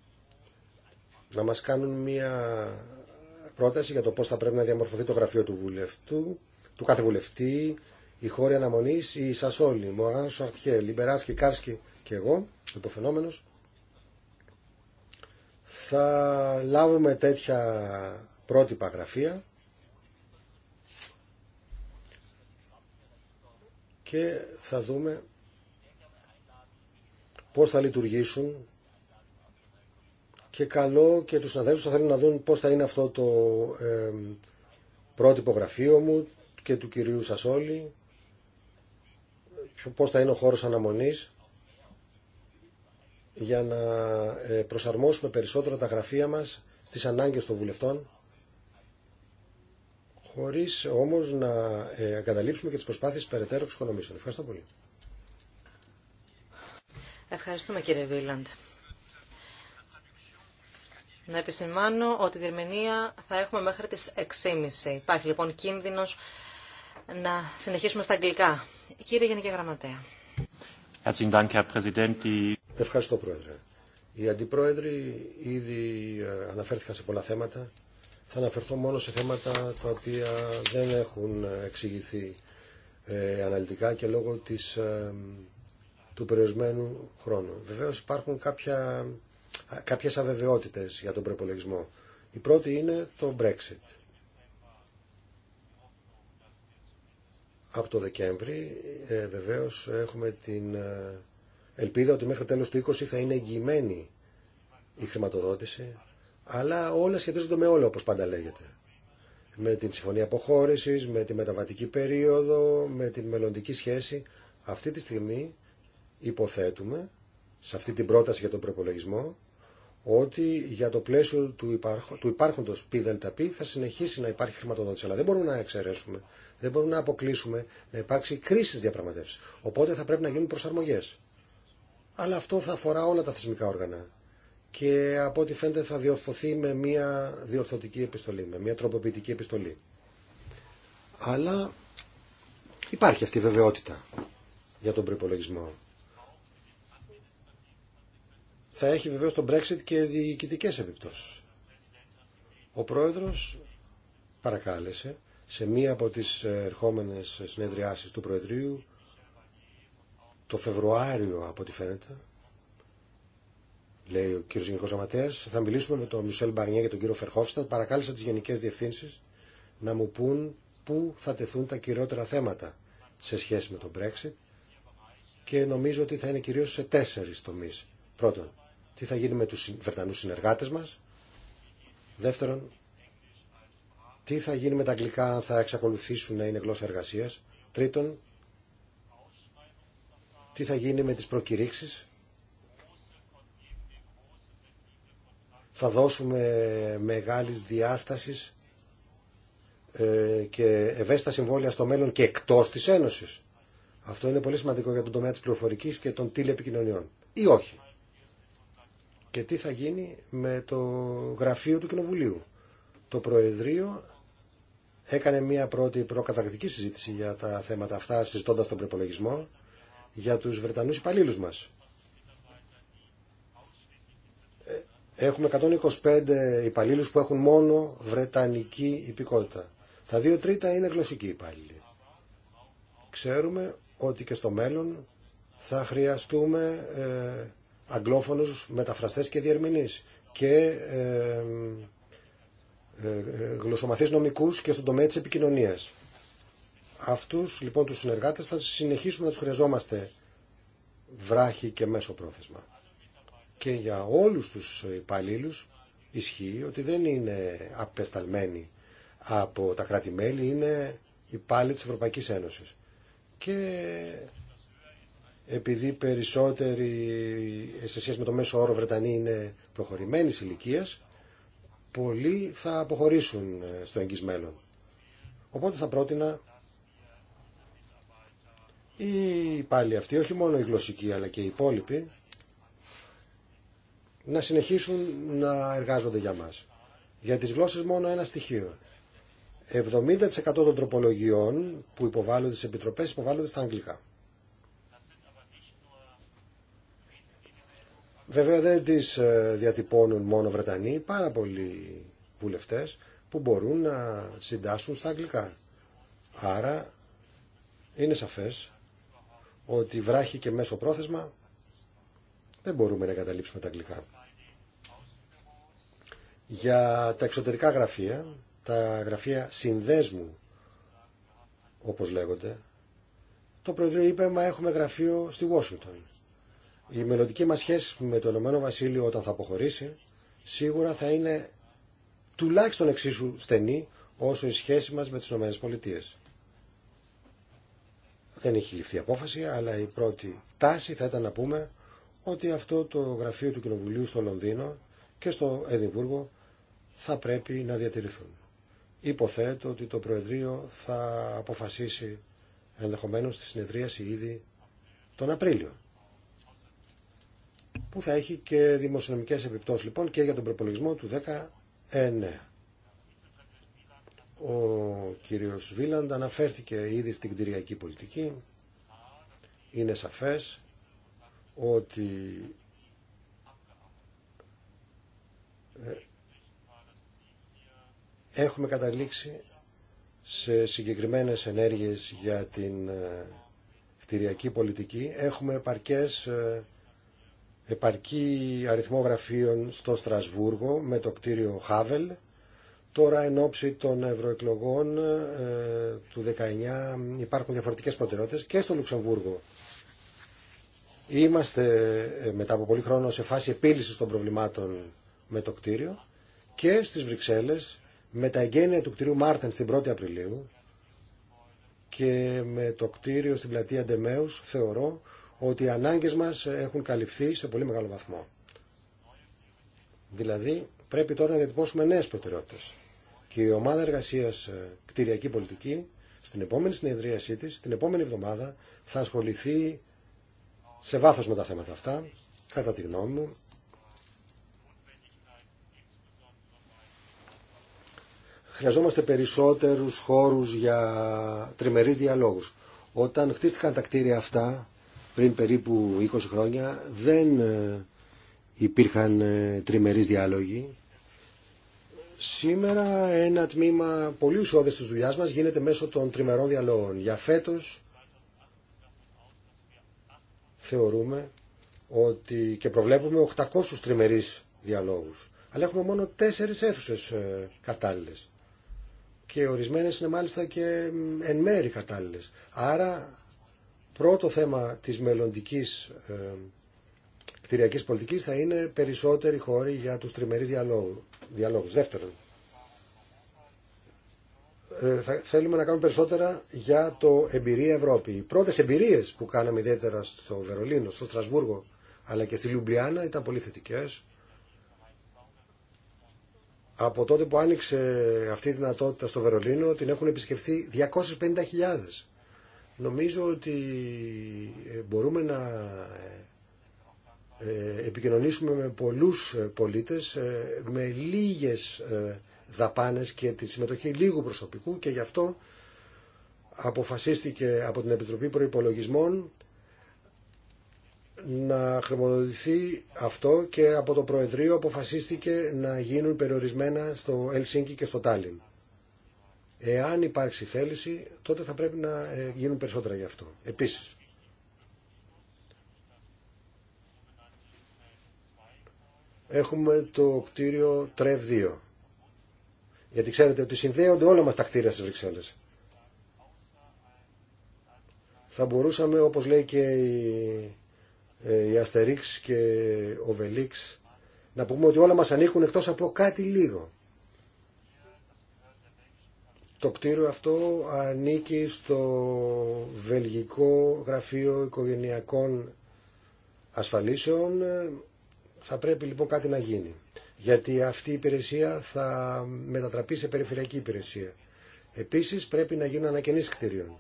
Speaker 1: να μας κάνουν μια πρόταση για το πώς θα πρέπει να διαμορφωθεί το γραφείο του βουλευτού, του κάθε βουλευτή, η χώρη αναμονή. η Σασόλη, Μωαγάν Σαρτιέ, Λιμπεράσκη, Κάρσκη και εγώ, υποφαινόμενος, θα λάβουμε τέτοια πρότυπα γραφεία και θα δούμε πώς θα λειτουργήσουν και καλό και τους συναδέλφους θα θέλουν να δουν πώς θα είναι αυτό το ε, πρότυπο γραφείο μου και του κυρίου Σασόλη, πώς θα είναι ο χώρος αναμονής για να ε, προσαρμόσουμε περισσότερο τα γραφεία μας στις ανάγκες των βουλευτών χωρίς όμως να ε, εγκαταλείψουμε και τις προσπάθειες περαιτέρω εξοικονομήσεων. Ευχαριστώ πολύ.
Speaker 2: Ευχαριστούμε κύριε Βίλαντ. Να επισημάνω ότι η διερμηνία θα έχουμε μέχρι τις 6.30. Υπάρχει λοιπόν κίνδυνος να συνεχίσουμε στα αγγλικά. Κύριε Γενική Γραμματέα.
Speaker 1: Ευχαριστώ Πρόεδρε. Οι αντιπρόεδροι ήδη ε, αναφέρθηκαν σε πολλά θέματα. Θα αναφερθώ μόνο σε θέματα τα οποία δεν έχουν εξηγηθεί ε, αναλυτικά και λόγω της, ε, του περιορισμένου χρόνου. Βεβαίως υπάρχουν κάποια κάποιες αβεβαιότητες για τον προπολογισμό. Η πρώτη είναι το Brexit. Από το Δεκέμβρη ε, βεβαίως έχουμε την ε, ελπίδα ότι μέχρι τέλος του 20 θα είναι εγγυημένη η χρηματοδότηση, αλλά όλα σχετίζονται με όλα όπως πάντα λέγεται. Με την συμφωνία αποχώρησης, με τη μεταβατική περίοδο, με την μελλοντική σχέση. Αυτή τη στιγμή υποθέτουμε σε αυτή την πρόταση για τον προπολογισμό ότι για το πλαίσιο του, υπάρχον, του υπάρχοντος ΠΔΠ θα συνεχίσει να υπάρχει χρηματοδότηση. Αλλά δεν μπορούμε να εξαιρέσουμε, δεν μπορούμε να αποκλείσουμε να υπάρξει κρίση διαπραγματεύσει. Οπότε θα πρέπει να γίνουν προσαρμογέ. Αλλά αυτό θα αφορά όλα τα θεσμικά όργανα. Και από ό,τι φαίνεται θα διορθωθεί με μια διορθωτική επιστολή, με μια τροποποιητική επιστολή. Αλλά υπάρχει αυτή η βεβαιότητα για τον προπολογισμό θα έχει βεβαίως τον Brexit και διοικητικέ επιπτώσεις. Ο Πρόεδρος παρακάλεσε σε μία από τις ε, ερχόμενες συνεδριάσεις του Προεδρείου το Φεβρουάριο από ό,τι φαίνεται λέει ο κύριος Γενικός Αματέας θα μιλήσουμε με τον Μισελ Μπαρνιέ και τον κύριο Φερχόφστατ παρακάλεσα τις γενικές διευθύνσεις να μου πούν πού θα τεθούν τα κυριότερα θέματα σε σχέση με τον Brexit και νομίζω ότι θα είναι κυρίως σε τέσσερις τομείς. Πρώτον, τι θα γίνει με τους Βρετανούς συνεργάτες μας. Δεύτερον, τι θα γίνει με τα αγγλικά αν θα εξακολουθήσουν να είναι γλώσσα εργασίας. Τρίτον, τι θα γίνει με τις προκηρύξεις. Θα δώσουμε μεγάλης διάστασης ε, και ευαίσθητα συμβόλαια στο μέλλον και εκτός της Ένωσης. Αυτό είναι πολύ σημαντικό για τον τομέα της πληροφορικής και των τηλεπικοινωνιών. Ή όχι και τι θα γίνει με το γραφείο του Κοινοβουλίου. Το Προεδρείο έκανε μια πρώτη προκαταρκτική συζήτηση για τα θέματα αυτά, συζητώντας τον προπολογισμό για τους Βρετανούς υπαλλήλους μας. Ε, έχουμε 125 υπαλλήλους που έχουν μόνο βρετανική υπηκότητα. Τα δύο τρίτα είναι γλωσσικοί υπάλληλοι. Ξέρουμε ότι και στο μέλλον θα χρειαστούμε ε, αγγλόφωνους μεταφραστές και διερμηνείς και ε, ε, γλωσσομαθείς νομικούς και στον τομέα της επικοινωνίας. Αυτούς λοιπόν τους συνεργάτες θα συνεχίσουμε να τους χρειαζόμαστε βράχη και μέσο πρόθεσμα. Και για όλους τους υπαλλήλους ισχύει ότι δεν είναι απεσταλμένοι από τα κράτη-μέλη, είναι υπάλληλοι της Ευρωπαϊκής Ένωσης. Και επειδή περισσότεροι σε σχέση με το μέσο όρο Βρετανοί είναι προχωρημένης ηλικία, πολλοί θα αποχωρήσουν ε, στο εγγύς Οπότε θα πρότεινα οι πάλι αυτοί, όχι μόνο οι γλωσσικοί αλλά και οι υπόλοιποι, να συνεχίσουν να εργάζονται για μας. Για τις γλώσσες μόνο ένα στοιχείο. 70% των τροπολογιών που υποβάλλονται στις επιτροπές υποβάλλονται στα αγγλικά. Βέβαια δεν τις ε, διατυπώνουν μόνο Βρετανοί, πάρα πολλοί βουλευτές που μπορούν να συντάσσουν στα αγγλικά. Άρα είναι σαφές ότι βράχει και μέσο πρόθεσμα δεν μπορούμε να καταλήψουμε τα αγγλικά. Για τα εξωτερικά γραφεία, τα γραφεία συνδέσμου όπως λέγονται, το Προεδρείο είπε μα έχουμε γραφείο στη Washington η μελλοντική μας σχέση με το Ηνωμένο Βασίλειο όταν θα αποχωρήσει σίγουρα θα είναι τουλάχιστον εξίσου στενή όσο η σχέση μας με τις Ηνωμένες Πολιτείες. Δεν έχει ληφθεί απόφαση, αλλά η πρώτη τάση θα ήταν να πούμε ότι αυτό το γραφείο του Κοινοβουλίου στο Λονδίνο και στο Εδιμβούργο θα πρέπει να διατηρηθούν. Υποθέτω ότι το Προεδρείο θα αποφασίσει ενδεχομένως τη συνεδρίαση ήδη τον Απρίλιο που θα έχει και δημοσιονομικές επιπτώσεις λοιπόν και για τον προπολογισμό του 19. Ο κύριος Βίλαντ αναφέρθηκε ήδη στην κτηριακή πολιτική. Είναι σαφές ότι ε, έχουμε καταλήξει σε συγκεκριμένες ενέργειες για την ε, κτηριακή πολιτική. Έχουμε επαρκές ε, επαρκή αριθμό γραφείων στο Στρασβούργο με το κτίριο Χάβελ. Τώρα εν ώψη των ευρωεκλογών ε, του 19 υπάρχουν διαφορετικές προτεραιότητες και στο Λουξεμβούργο. Είμαστε ε, μετά από πολύ χρόνο σε φάση επίλυσης των προβλημάτων με το κτίριο και στις Βρυξέλλες με τα εγκαίνια του κτίριου Μάρτεν στην 1η Απριλίου και με το κτίριο στην πλατεία Ντεμέους θεωρώ ότι οι ανάγκες μας έχουν καλυφθεί σε πολύ μεγάλο βαθμό. Δηλαδή πρέπει τώρα να διατυπώσουμε νέες προτεραιότητες. Και η ομάδα εργασίας ε, κτηριακή πολιτική στην επόμενη συνεδρίασή της, την επόμενη εβδομάδα, θα ασχοληθεί σε βάθος με τα θέματα αυτά, κατά τη γνώμη μου. Χρειαζόμαστε περισσότερους χώρους για τριμερείς διαλόγους. Όταν χτίστηκαν τα κτίρια αυτά, πριν περίπου 20 χρόνια δεν ε, υπήρχαν ε, τριμερείς διάλογοι. Σήμερα ένα τμήμα πολύ ουσιώδες της δουλειάς μας γίνεται μέσω των τριμερών διαλόγων. Για φέτος θεωρούμε ότι και προβλέπουμε 800 τριμερείς διαλόγους. Αλλά έχουμε μόνο τέσσερις αίθουσες ε, κατάλληλες. Και ορισμένες είναι μάλιστα και εν μέρη κατάλληλες. Άρα Πρώτο θέμα της μελλοντικής ε, κτηριακής πολιτικής θα είναι περισσότεροι χώροι για τους τριμερείς διαλόγου, διαλόγους. Δεύτερον, ε, θα θέλουμε να κάνουμε περισσότερα για το εμπειρία Ευρώπη. Οι πρώτες εμπειρίες που κάναμε ιδιαίτερα στο Βερολίνο, στο Στρασβούργο, αλλά και στη Λιουμπλιάνα ήταν πολύ θετικές. Από τότε που άνοιξε αυτή η δυνατότητα στο Βερολίνο την έχουν επισκεφθεί 250.000. Νομίζω ότι ε, μπορούμε να ε, ε, επικοινωνήσουμε με πολλούς πολίτες με λίγες δαπάνες και τη συμμετοχή λίγου προσωπικού και γι' αυτό αποφασίστηκε από την Επιτροπή Προϋπολογισμών να χρηματοδοτηθεί αυτό και από το Προεδρείο αποφασίστηκε να γίνουν περιορισμένα στο Ελσίνκι και στο Τάλιν. Εάν υπάρξει θέληση, τότε θα πρέπει να ε, γίνουν περισσότερα γι' αυτό. Επίσης, έχουμε το κτίριο ΤΡΕΒ 2. Γιατί ξέρετε ότι συνδέονται όλα μας τα κτίρια στις Βρυξέλλες. Θα μπορούσαμε, όπως λέει και η, ε, η Αστερίξ και ο Βελίξ, να πούμε ότι όλα μας ανήκουν εκτός από κάτι λίγο. Το κτίριο αυτό ανήκει στο Βελγικό Γραφείο Οικογενειακών Ασφαλίσεων. Θα πρέπει λοιπόν κάτι να γίνει. Γιατί αυτή η υπηρεσία θα μετατραπεί σε περιφερειακή υπηρεσία. Επίσης πρέπει να γίνουν ανακαινήσεις κτίριων.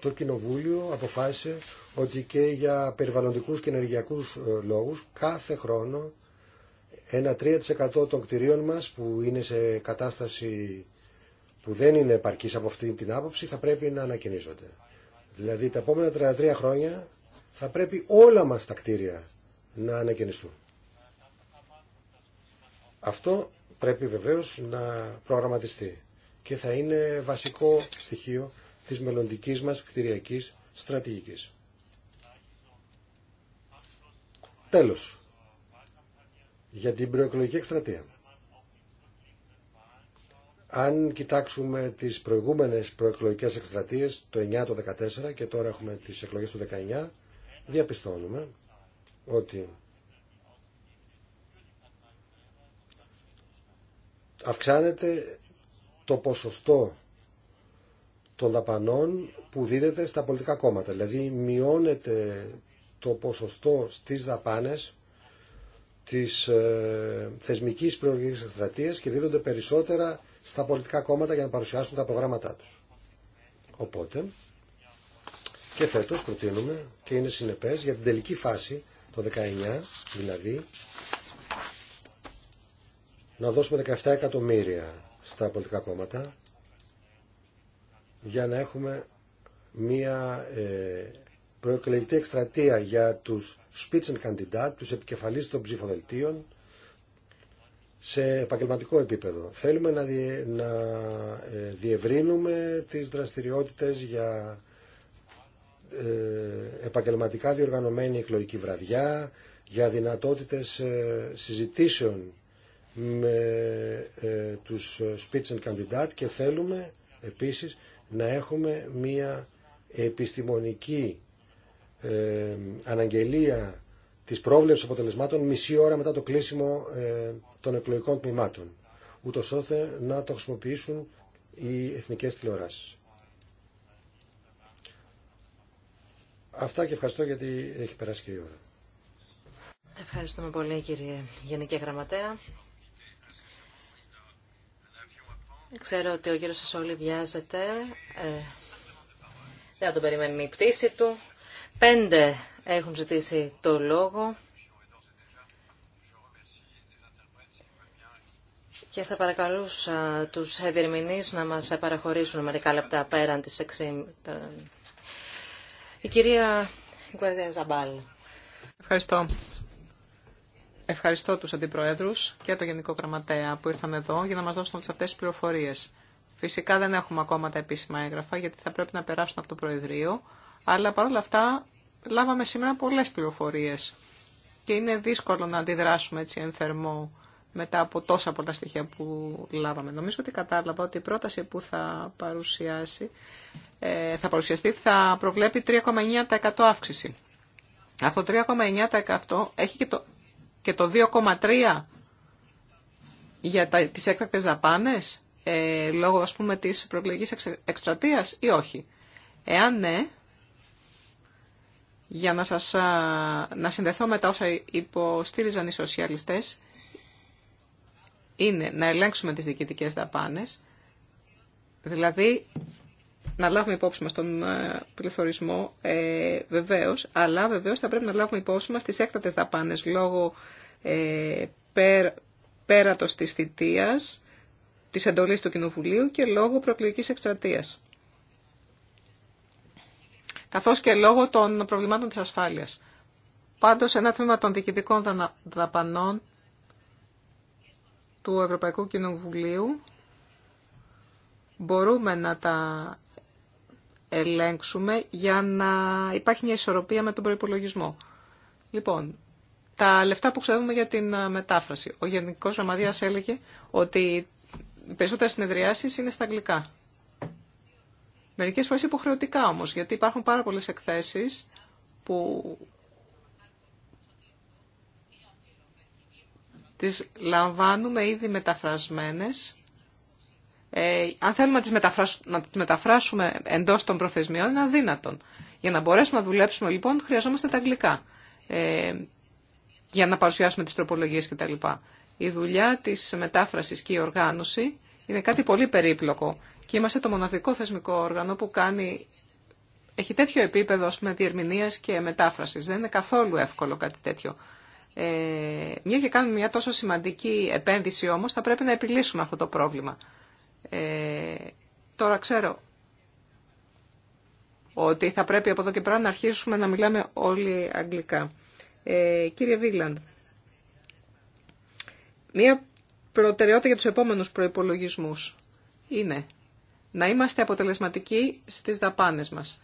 Speaker 1: Το Κοινοβούλιο αποφάσισε ότι και για περιβαλλοντικούς και ενεργειακούς ε, λόγους κάθε χρόνο ένα 3% των κτηρίων μας που είναι σε κατάσταση που δεν είναι επαρκής από αυτή την άποψη θα πρέπει να ανακαινίζονται. Δηλαδή τα επόμενα 33 χρόνια θα πρέπει όλα μας τα κτίρια να ανακαινιστούν. Αυτό πρέπει βεβαίως να προγραμματιστεί και θα είναι βασικό στοιχείο της μελλοντική μας κτηριακής στρατηγικής. Τέλος, για την προεκλογική εκστρατεία. Αν κοιτάξουμε τις προηγούμενες προεκλογικές εκστρατείες, το 9, το 14 και τώρα έχουμε τις εκλογές του 19, διαπιστώνουμε ότι αυξάνεται το ποσοστό των δαπανών που δίδεται στα πολιτικά κόμματα. Δηλαδή μειώνεται το ποσοστό στις δαπάνες της ε, θεσμικής προεκλογικής εκστρατείας και δίδονται περισσότερα στα πολιτικά κόμματα για να παρουσιάσουν τα προγράμματά τους. Οπότε, και φέτος προτείνουμε και είναι συνεπές για την τελική φάση, το 19 δηλαδή, να δώσουμε 17 εκατομμύρια στα πολιτικά κόμματα για να έχουμε μία ε, προεκλογική εκστρατεία για τους candidate τους επικεφαλής των ψηφοδελτίων, σε επαγγελματικό επίπεδο. Θέλουμε να, να ε, διευρύνουμε τις δραστηριότητες για ε, επαγγελματικά διοργανωμένη εκλογική βραδιά, για δυνατότητες ε, συζητήσεων με ε, τους candidate και θέλουμε επίσης να έχουμε μία επιστημονική ε, αναγγελία Τη πρόβλεψη αποτελεσμάτων μισή ώρα μετά το κλείσιμο ε, των εκλογικών τμήματων, ούτω ώστε να το χρησιμοποιήσουν οι εθνικέ τηλεοράσει. Αυτά και ευχαριστώ γιατί έχει περάσει και η ώρα.
Speaker 2: Ευχαριστούμε πολύ κύριε Γενική Γραμματέα. Ξέρω ότι ο κύριος Σασόλη βιάζεται. Ε, δεν θα τον περιμένει η πτήση του. Πέντε έχουν ζητήσει το λόγο. Και θα παρακαλούσα τους διερμηνείς να μας παραχωρήσουν μερικά λεπτά πέραν της εξή... Η κυρία
Speaker 3: Γκουαρδία Ζαμπάλ. Ευχαριστώ. Ευχαριστώ τους αντιπροέδρους και το Γενικό Γραμματέα που ήρθαν εδώ για να μας δώσουν αυτές τις πληροφορίες. Φυσικά δεν έχουμε ακόμα τα επίσημα έγγραφα γιατί θα πρέπει να περάσουν από το Προεδρείο αλλά παρόλα αυτά λάβαμε σήμερα πολλές πληροφορίες και είναι δύσκολο να αντιδράσουμε έτσι εν μετά από τόσα πολλά στοιχεία που λάβαμε. Νομίζω ότι κατάλαβα ότι η πρόταση που θα, παρουσιάσει, ε, θα παρουσιαστεί θα προβλέπει 3,9% αύξηση. Αυτό 3,9% έχει και το, το 2,3% για τα, τις έκτακτες δαπάνες, ε, λόγω ας πούμε της προεκλογικής εκστρατείας ή όχι. Εάν ναι, για να, σας, να συνδεθώ με τα όσα υποστήριζαν οι σοσιαλιστές είναι να ελέγξουμε τις διοικητικές δαπάνες, δηλαδή να λάβουμε υπόψη μας τον ε, πληθωρισμό ε, βεβαίως, αλλά βεβαίως θα πρέπει να λάβουμε υπόψη μας τις έκτατες δαπάνες λόγω ε, πέρα, πέρατος της θητείας, της εντολής του Κοινοβουλίου και λόγω προεκλογικής εκστρατείας καθώς και λόγω των προβλημάτων της ασφάλειας. Πάντως, ένα τμήμα των διοικητικών δαπανών του Ευρωπαϊκού Κοινοβουλίου μπορούμε να τα ελέγξουμε για να υπάρχει μια ισορροπία με τον προϋπολογισμό. Λοιπόν, τα λεφτά που ξέρουμε για την μετάφραση. Ο Γενικός Γραμματείας έλεγε ότι οι περισσότερες συνεδριάσεις είναι στα αγγλικά. Μερικές φορές υποχρεωτικά όμως, γιατί υπάρχουν πάρα πολλές εκθέσεις που τις λαμβάνουμε ήδη μεταφρασμένες. Ε, αν θέλουμε να τις, μεταφράσουμε, να μεταφράσουμε εντός των προθεσμιών είναι αδύνατον. Για να μπορέσουμε να δουλέψουμε λοιπόν χρειαζόμαστε τα αγγλικά ε, για να παρουσιάσουμε τις τροπολογίες κτλ. Η δουλειά της μετάφρασης και η οργάνωση είναι κάτι πολύ περίπλοκο και είμαστε το μοναδικό θεσμικό όργανο που κάνει, έχει τέτοιο επίπεδο με διερμηνία και μετάφραση. Δεν είναι καθόλου εύκολο κάτι τέτοιο. Ε, μια και κάνουμε μια τόσο σημαντική επένδυση όμως θα πρέπει να επιλύσουμε αυτό το πρόβλημα. Ε, τώρα ξέρω ότι θα πρέπει από εδώ και πέρα να αρχίσουμε να μιλάμε όλοι αγγλικά. Ε, κύριε Βίγλαντ, μία προτεραιότητα για τους επόμενους προϋπολογισμούς είναι να είμαστε αποτελεσματικοί στις δαπάνες μας.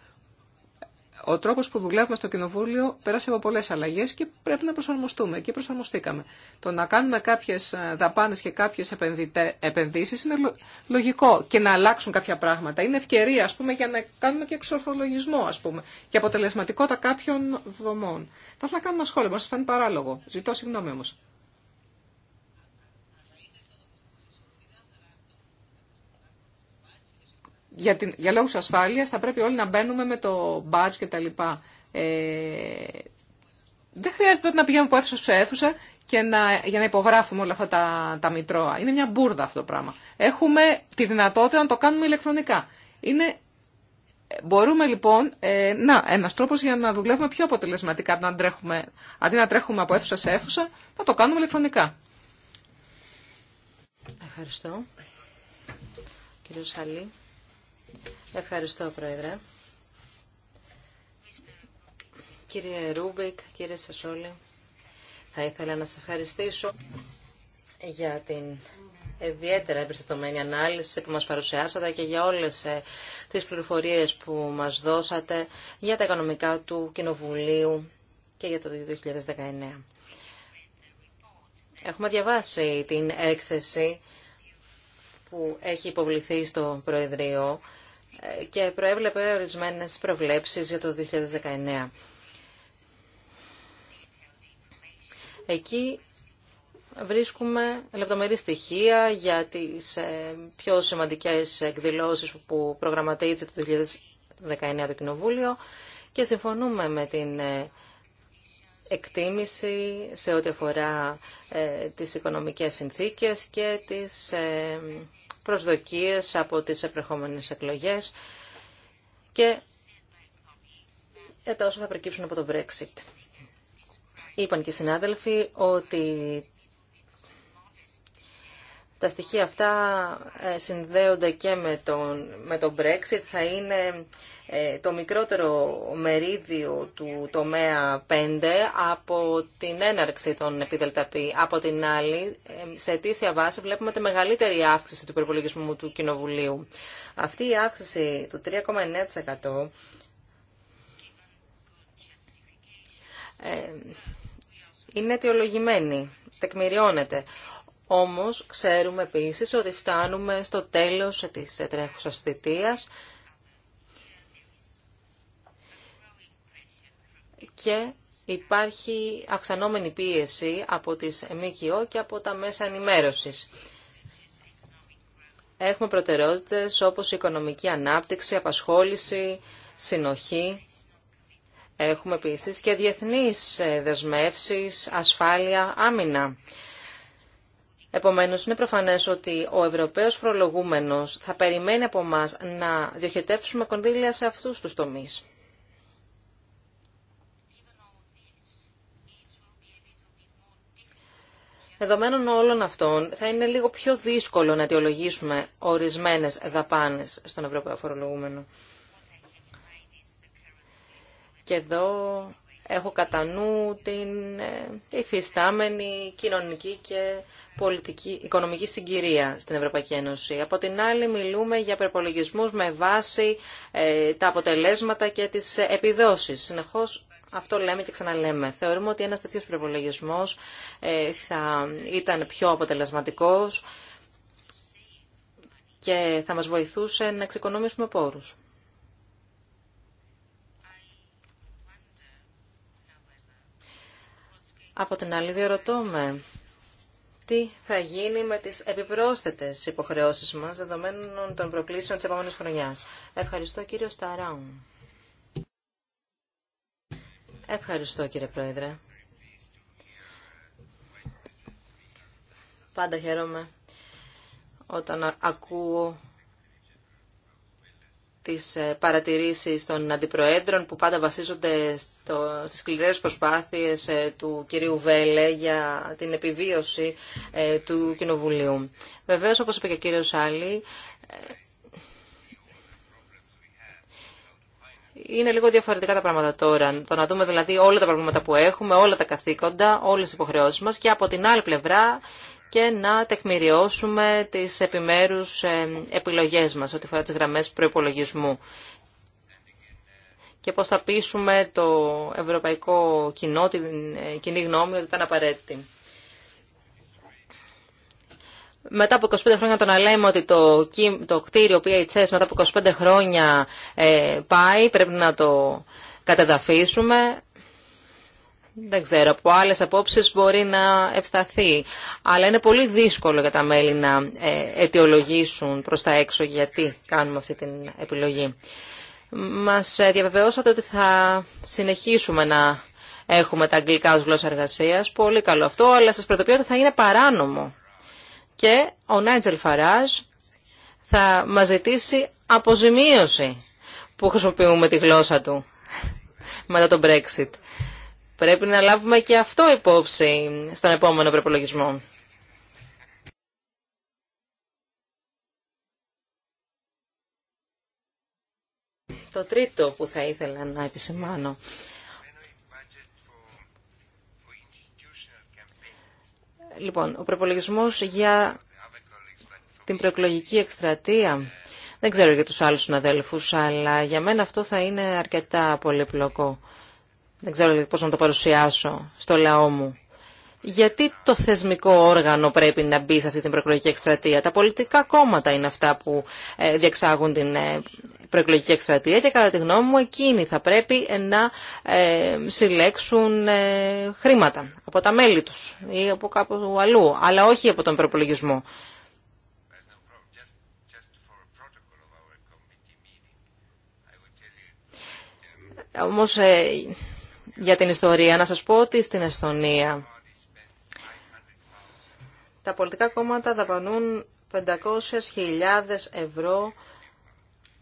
Speaker 3: Ο τρόπο που δουλεύουμε στο Κοινοβούλιο πέρασε από πολλέ αλλαγέ και πρέπει να προσαρμοστούμε και προσαρμοστήκαμε. Το να κάνουμε κάποιε δαπάνε και κάποιε επενδύσει είναι λογικό και να αλλάξουν κάποια πράγματα. Είναι ευκαιρία, α πούμε, για να κάνουμε και εξορθολογισμό, α πούμε, και αποτελεσματικότητα κάποιων δομών. Θα ήθελα να κάνω ένα σχόλιο, μα παράλογο. Ζητώ συγγνώμη όμω. για, την, για λόγους ασφάλειας θα πρέπει όλοι να μπαίνουμε με το badge και τα λοιπά. Ε, δεν χρειάζεται τότε να πηγαίνουμε από αίθουσα σε αίθουσα και να, για να υπογράφουμε όλα αυτά τα, τα μητρώα. Είναι μια μπουρδα αυτό το πράγμα. Έχουμε τη δυνατότητα να το κάνουμε ηλεκτρονικά. Είναι, μπορούμε λοιπόν, ε, να, ένας τρόπος για να δουλεύουμε πιο αποτελεσματικά, να τρέχουμε, αντί να τρέχουμε από αίθουσα σε αίθουσα, να το κάνουμε ηλεκτρονικά.
Speaker 2: Ευχαριστώ. Κύριε Σαλή. Ευχαριστώ, Πρόεδρε. Κύριε Ρούμπικ, κύριε Σασόλη, θα ήθελα να σας ευχαριστήσω για την ιδιαίτερα εμπεριστατωμένη ανάλυση που μας παρουσιάσατε και για όλες ε, τις πληροφορίες που μας δώσατε για τα οικονομικά του Κοινοβουλίου και για το 2019. Έχουμε διαβάσει την έκθεση που έχει υποβληθεί στο Προεδρείο και προέβλεπε ορισμένες προβλέψεις για το 2019. Εκεί βρίσκουμε λεπτομερή στοιχεία για τις ε, πιο σημαντικές εκδηλώσεις που προγραμματίζεται το 2019 το Κοινοβούλιο και συμφωνούμε με την ε, εκτίμηση σε ό,τι αφορά ε, τις οικονομικές συνθήκες και τις προσδοκίες από τις επερχόμενες εκλογές και τα όσα θα προκύψουν από το Brexit. Είπαν και οι συνάδελφοι ότι τα στοιχεία αυτά ε, συνδέονται και με τον, με τον Brexit. Θα είναι ε, το μικρότερο μερίδιο του τομέα 5 από την έναρξη των επιδελταπή. Από την άλλη, ε, σε αιτήσια βάση βλέπουμε τη μεγαλύτερη αύξηση του προπολογισμού του Κοινοβουλίου. Αυτή η αύξηση του 3,9% είναι αιτιολογημένη, τεκμηριώνεται. Όμως ξέρουμε επίσης ότι φτάνουμε στο τέλος της τρέχουσας θητείας και υπάρχει αυξανόμενη πίεση από τις ΜΚΟ και από τα μέσα ενημέρωσης. Έχουμε προτεραιότητες όπως η οικονομική ανάπτυξη, απασχόληση, συνοχή. Έχουμε επίσης και διεθνείς δεσμεύσεις, ασφάλεια, άμυνα. Επομένως, είναι προφανές ότι ο Ευρωπαίος φορολογούμενος θα περιμένει από εμά να διοχετεύσουμε κονδύλια σε αυτούς τους τομείς. Δεδομένων όλων αυτών, θα είναι λίγο πιο δύσκολο να αιτιολογήσουμε ορισμένες δαπάνες στον Ευρωπαίο φορολογούμενο. Και εδώ Έχω κατά νου την ε, υφιστάμενη κοινωνική και πολιτική, οικονομική συγκυρία στην Ευρωπαϊκή Ένωση. Από την άλλη μιλούμε για προπολογισμούς με βάση ε, τα αποτελέσματα και τις επιδόσεις. Συνεχώς αυτό λέμε και ξαναλέμε. Θεωρούμε ότι ένας τέτοιος προπολογισμό ε, θα ήταν πιο αποτελεσματικός και θα μας βοηθούσε να εξοικονομήσουμε πόρους. Από την άλλη διαρωτώ με τι θα γίνει με τις επιπρόσθετες υποχρεώσεις μας δεδομένων των προκλήσεων της επόμενης χρονιάς. Ευχαριστώ κύριο Σταράου. Ευχαριστώ κύριε Πρόεδρε. Πάντα χαίρομαι όταν ακούω τις ε, παρατηρήσεις των αντιπροέδρων που πάντα βασίζονται στο, στις σκληρές προσπάθειες ε, του κυρίου Βέλε για την επιβίωση ε, του Κοινοβουλίου. Βεβαίως, όπως είπε και ο κύριος Άλλη, είναι λίγο διαφορετικά τα πράγματα τώρα. Το να δούμε δηλαδή όλα τα προβλήματα που έχουμε, όλα τα καθήκοντα, όλες τις υποχρεώσεις μας και από την άλλη πλευρά και να τεκμηριώσουμε τις επιμέρους ε, επιλογές μας ό,τι φορά τις γραμμές προϋπολογισμού και πώς θα πείσουμε το ευρωπαϊκό κοινό, την ε, κοινή γνώμη ότι ήταν απαραίτητη. Μετά από 25 χρόνια το να λέμε ότι το, το κτίριο PHS μετά από 25 χρόνια ε, πάει, πρέπει να το κατεδαφίσουμε δεν ξέρω, από άλλες απόψεις μπορεί να ευσταθεί. Αλλά είναι πολύ δύσκολο για τα μέλη να ε, αιτιολογήσουν προς τα έξω γιατί κάνουμε αυτή την επιλογή. Μας ε, διαβεβαιώσατε ότι θα συνεχίσουμε να έχουμε τα αγγλικά ως γλώσσα εργασίας. Πολύ καλό αυτό, αλλά σας προειδοποιώ ότι θα είναι παράνομο. Και ο Νάιτζελ Φαράζ θα μας ζητήσει αποζημίωση που χρησιμοποιούμε τη γλώσσα του μετά τον Brexit. Πρέπει να λάβουμε και αυτό υπόψη στον επόμενο προπολογισμό. Το τρίτο που θα ήθελα να επισημάνω. Λοιπόν, ο προπολογισμό για την προεκλογική εκστρατεία. Δεν ξέρω για τους άλλους συναδέλφους, αλλά για μένα αυτό θα είναι αρκετά πολύπλοκο δεν ξέρω δηλαδή πώς να το παρουσιάσω στο λαό μου. Γιατί το θεσμικό όργανο πρέπει να μπει σε αυτή την προεκλογική εκστρατεία. Τα πολιτικά κόμματα είναι αυτά που ε, διεξάγουν την ε, προεκλογική εκστρατεία και κατά τη γνώμη μου εκείνοι θα πρέπει ε, να συλλέξουν χρήματα από τα μέλη τους ή από κάπου αλλού, αλλά όχι από τον προπολογισμό. Όμως για την ιστορία. Να σας πω ότι στην Εστονία τα πολιτικά κόμματα δαπανούν 500.000 ευρώ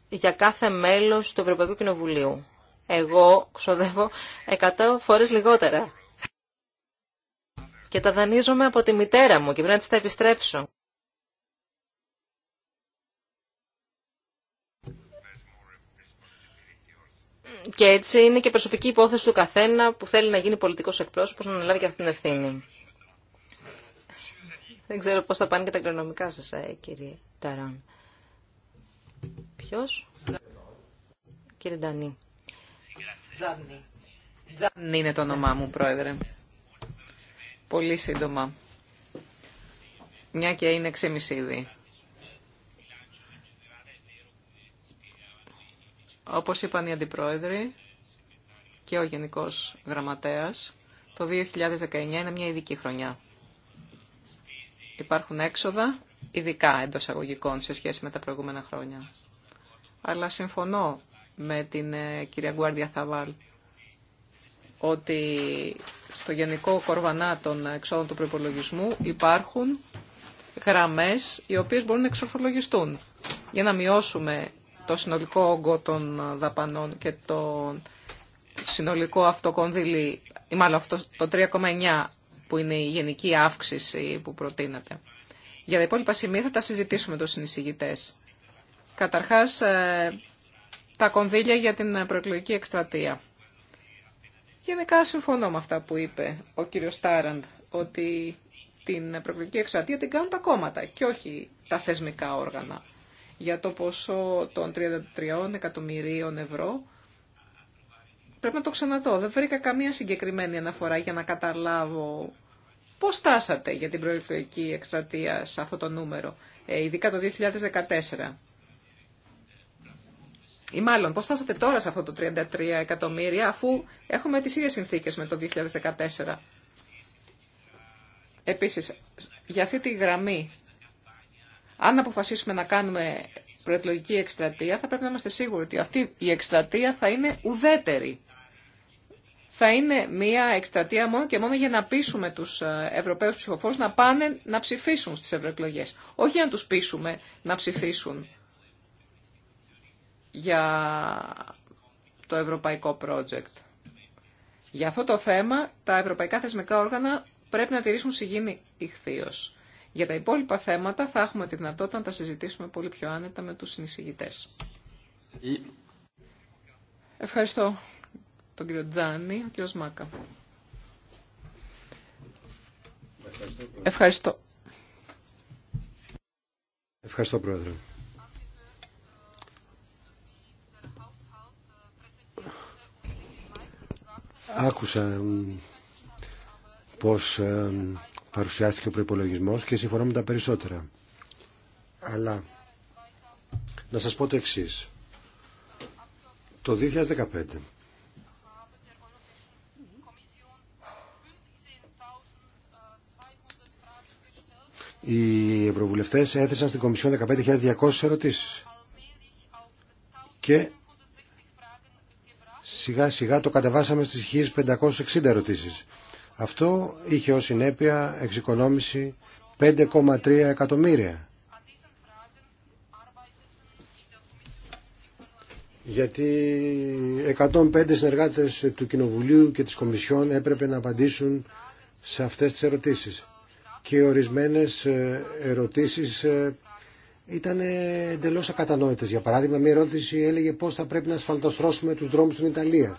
Speaker 2: για κάθε μέλος του Ευρωπαϊκού Κοινοβουλίου. Εγώ ξοδεύω 100 φορές λιγότερα. Και τα δανείζομαι από τη μητέρα μου και πρέπει να της τα επιστρέψω. και έτσι είναι και προσωπική υπόθεση του καθένα που θέλει να γίνει πολιτικός εκπρόσωπος να αναλάβει και αυτή την ευθύνη. Δεν ξέρω πώς θα πάνε και τα κληρονομικά σας, ε, κύριε Ταράν.
Speaker 3: Ποιος? Κύριε Ντανή. Τζάνι. είναι το όνομά μου, πρόεδρε. Πολύ σύντομα. Μια και είναι ξεμισίδη. Όπως είπαν οι αντιπρόεδροι και ο Γενικός Γραμματέας, το 2019 είναι μια ειδική χρονιά. Υπάρχουν έξοδα, ειδικά εντό αγωγικών, σε σχέση με τα προηγούμενα χρόνια. Αλλά συμφωνώ με την ε, κυρία Γκουάρδια Θαβάλ ότι στο γενικό κορβανά των εξόδων του προπολογισμού υπάρχουν γραμμές οι οποίες μπορούν να εξορθολογιστούν για να μειώσουμε το συνολικό όγκο των δαπανών και το συνολικό αυτό κονδύλι, ή μάλλον αυτό το 3,9 που είναι η γενική αύξηση που προτείνεται. Για τα υπόλοιπα σημεία θα τα συζητήσουμε με τους συνεισηγητές. Καταρχάς, ε, τα κονδύλια για την προεκλογική εκστρατεία. Γενικά συμφωνώ με αυτά που είπε ο κύριος Τάραντ, ότι την προεκλογική εκστρατεία την κάνουν τα κόμματα και όχι τα θεσμικά όργανα για το ποσό των 33 εκατομμυρίων ευρώ. Πρέπει να το ξαναδώ. Δεν βρήκα καμία συγκεκριμένη αναφορά για να καταλάβω πώς στάσατε για την προεκλογική εκστρατεία σε αυτό το νούμερο, ε, ειδικά το 2014. Ή μάλλον, πώς στάσατε τώρα σε αυτό το 33 εκατομμύρια, αφού έχουμε τις ίδιες συνθήκες με το 2014. Επίσης, για αυτή τη γραμμή αν αποφασίσουμε να κάνουμε προεκλογική εκστρατεία, θα πρέπει να είμαστε σίγουροι ότι αυτή η εκστρατεία θα είναι ουδέτερη. Θα είναι μια εκστρατεία μόνο και μόνο για να πείσουμε του ε, Ευρωπαίου ψηφοφόρου να πάνε να ψηφίσουν στι ευρωεκλογέ. Όχι για να του πείσουμε να ψηφίσουν για το ευρωπαϊκό project. Για αυτό το θέμα τα ευρωπαϊκά θεσμικά όργανα πρέπει να τηρήσουν συγγύνη ηχθείως. Για τα υπόλοιπα θέματα θα έχουμε τη δυνατότητα να τα συζητήσουμε πολύ πιο άνετα με τους συνεισηγητές. Ευχαριστώ τον κύριο Τζάνι, ο κύριος Μάκα.
Speaker 1: Ευχαριστώ. Ευχαριστώ. Πρόεδρε. Άκουσα πως παρουσιάστηκε ο προπολογισμό και συμφωνώ με τα περισσότερα. Αλλά να σας πω το εξή. Το 2015 οι ευρωβουλευτές έθεσαν στην Κομισιόν 15.200 ερωτήσεις και σιγά σιγά το κατεβάσαμε στις 1.560 ερωτήσεις αυτό είχε ως συνέπεια εξοικονόμηση 5,3 εκατομμύρια. γιατί 105 συνεργάτες του Κοινοβουλίου και της Κομισιόν έπρεπε να απαντήσουν σε αυτές τις ερωτήσεις. Και ορισμένες ε, ερωτήσεις ε, ήταν εντελώς ακατανόητες. Για παράδειγμα, μια ερώτηση έλεγε πώς θα πρέπει να ασφαλτοστρώσουμε τους δρόμους στην Ιταλία.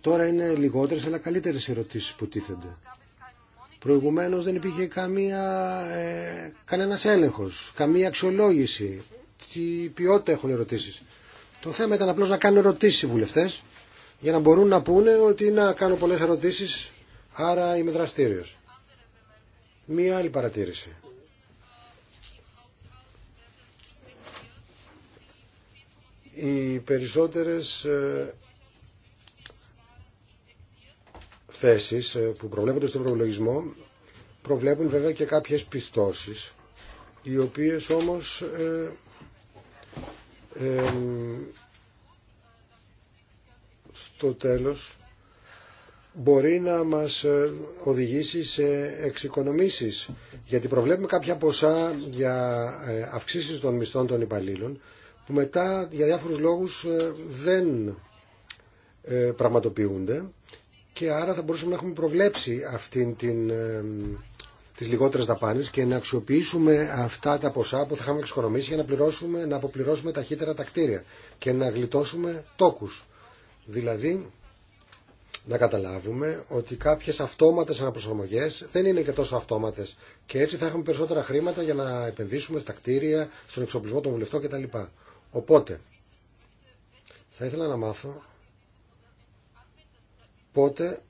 Speaker 1: Τώρα είναι λιγότερες αλλά καλύτερες ερωτήσεις που τίθενται. Προηγουμένως δεν υπήρχε καμία, ε, κανένας έλεγχος, καμία αξιολόγηση. Τι ποιότητα έχουν ερωτήσεις. Το θέμα ήταν απλώς να κάνουν ερωτήσεις οι βουλευτές για να μπορούν να πούνε ότι να κάνω πολλές ερωτήσεις, άρα είμαι δραστήριος. Μία άλλη παρατήρηση. Οι περισσότερες ε, Ε, που προβλέπονται στον προλογισμό προβλέπουν βέβαια και κάποιες πιστώσεις οι οποίες όμως ε, ε, στο τέλος μπορεί να μας οδηγήσει σε εξοικονομήσεις γιατί προβλέπουμε κάποια ποσά για αυξήσεις των μισθών των υπαλλήλων που μετά για διάφορους λόγους δεν πραγματοποιούνται και άρα θα μπορούσαμε να έχουμε προβλέψει αυτήν την, ε, τις λιγότερες δαπάνες και να αξιοποιήσουμε αυτά τα ποσά που θα είχαμε εξοικονομήσει για να, πληρώσουμε, να αποπληρώσουμε ταχύτερα τα κτίρια και να γλιτώσουμε τόκου. Δηλαδή, να καταλάβουμε ότι κάποιε αυτόματες αναπροσαρμογές δεν είναι και τόσο αυτόματε και έτσι θα έχουμε περισσότερα χρήματα για να επενδύσουμε στα κτίρια, στον εξοπλισμό των βουλευτών κτλ. Οπότε, θα ήθελα να μάθω πότε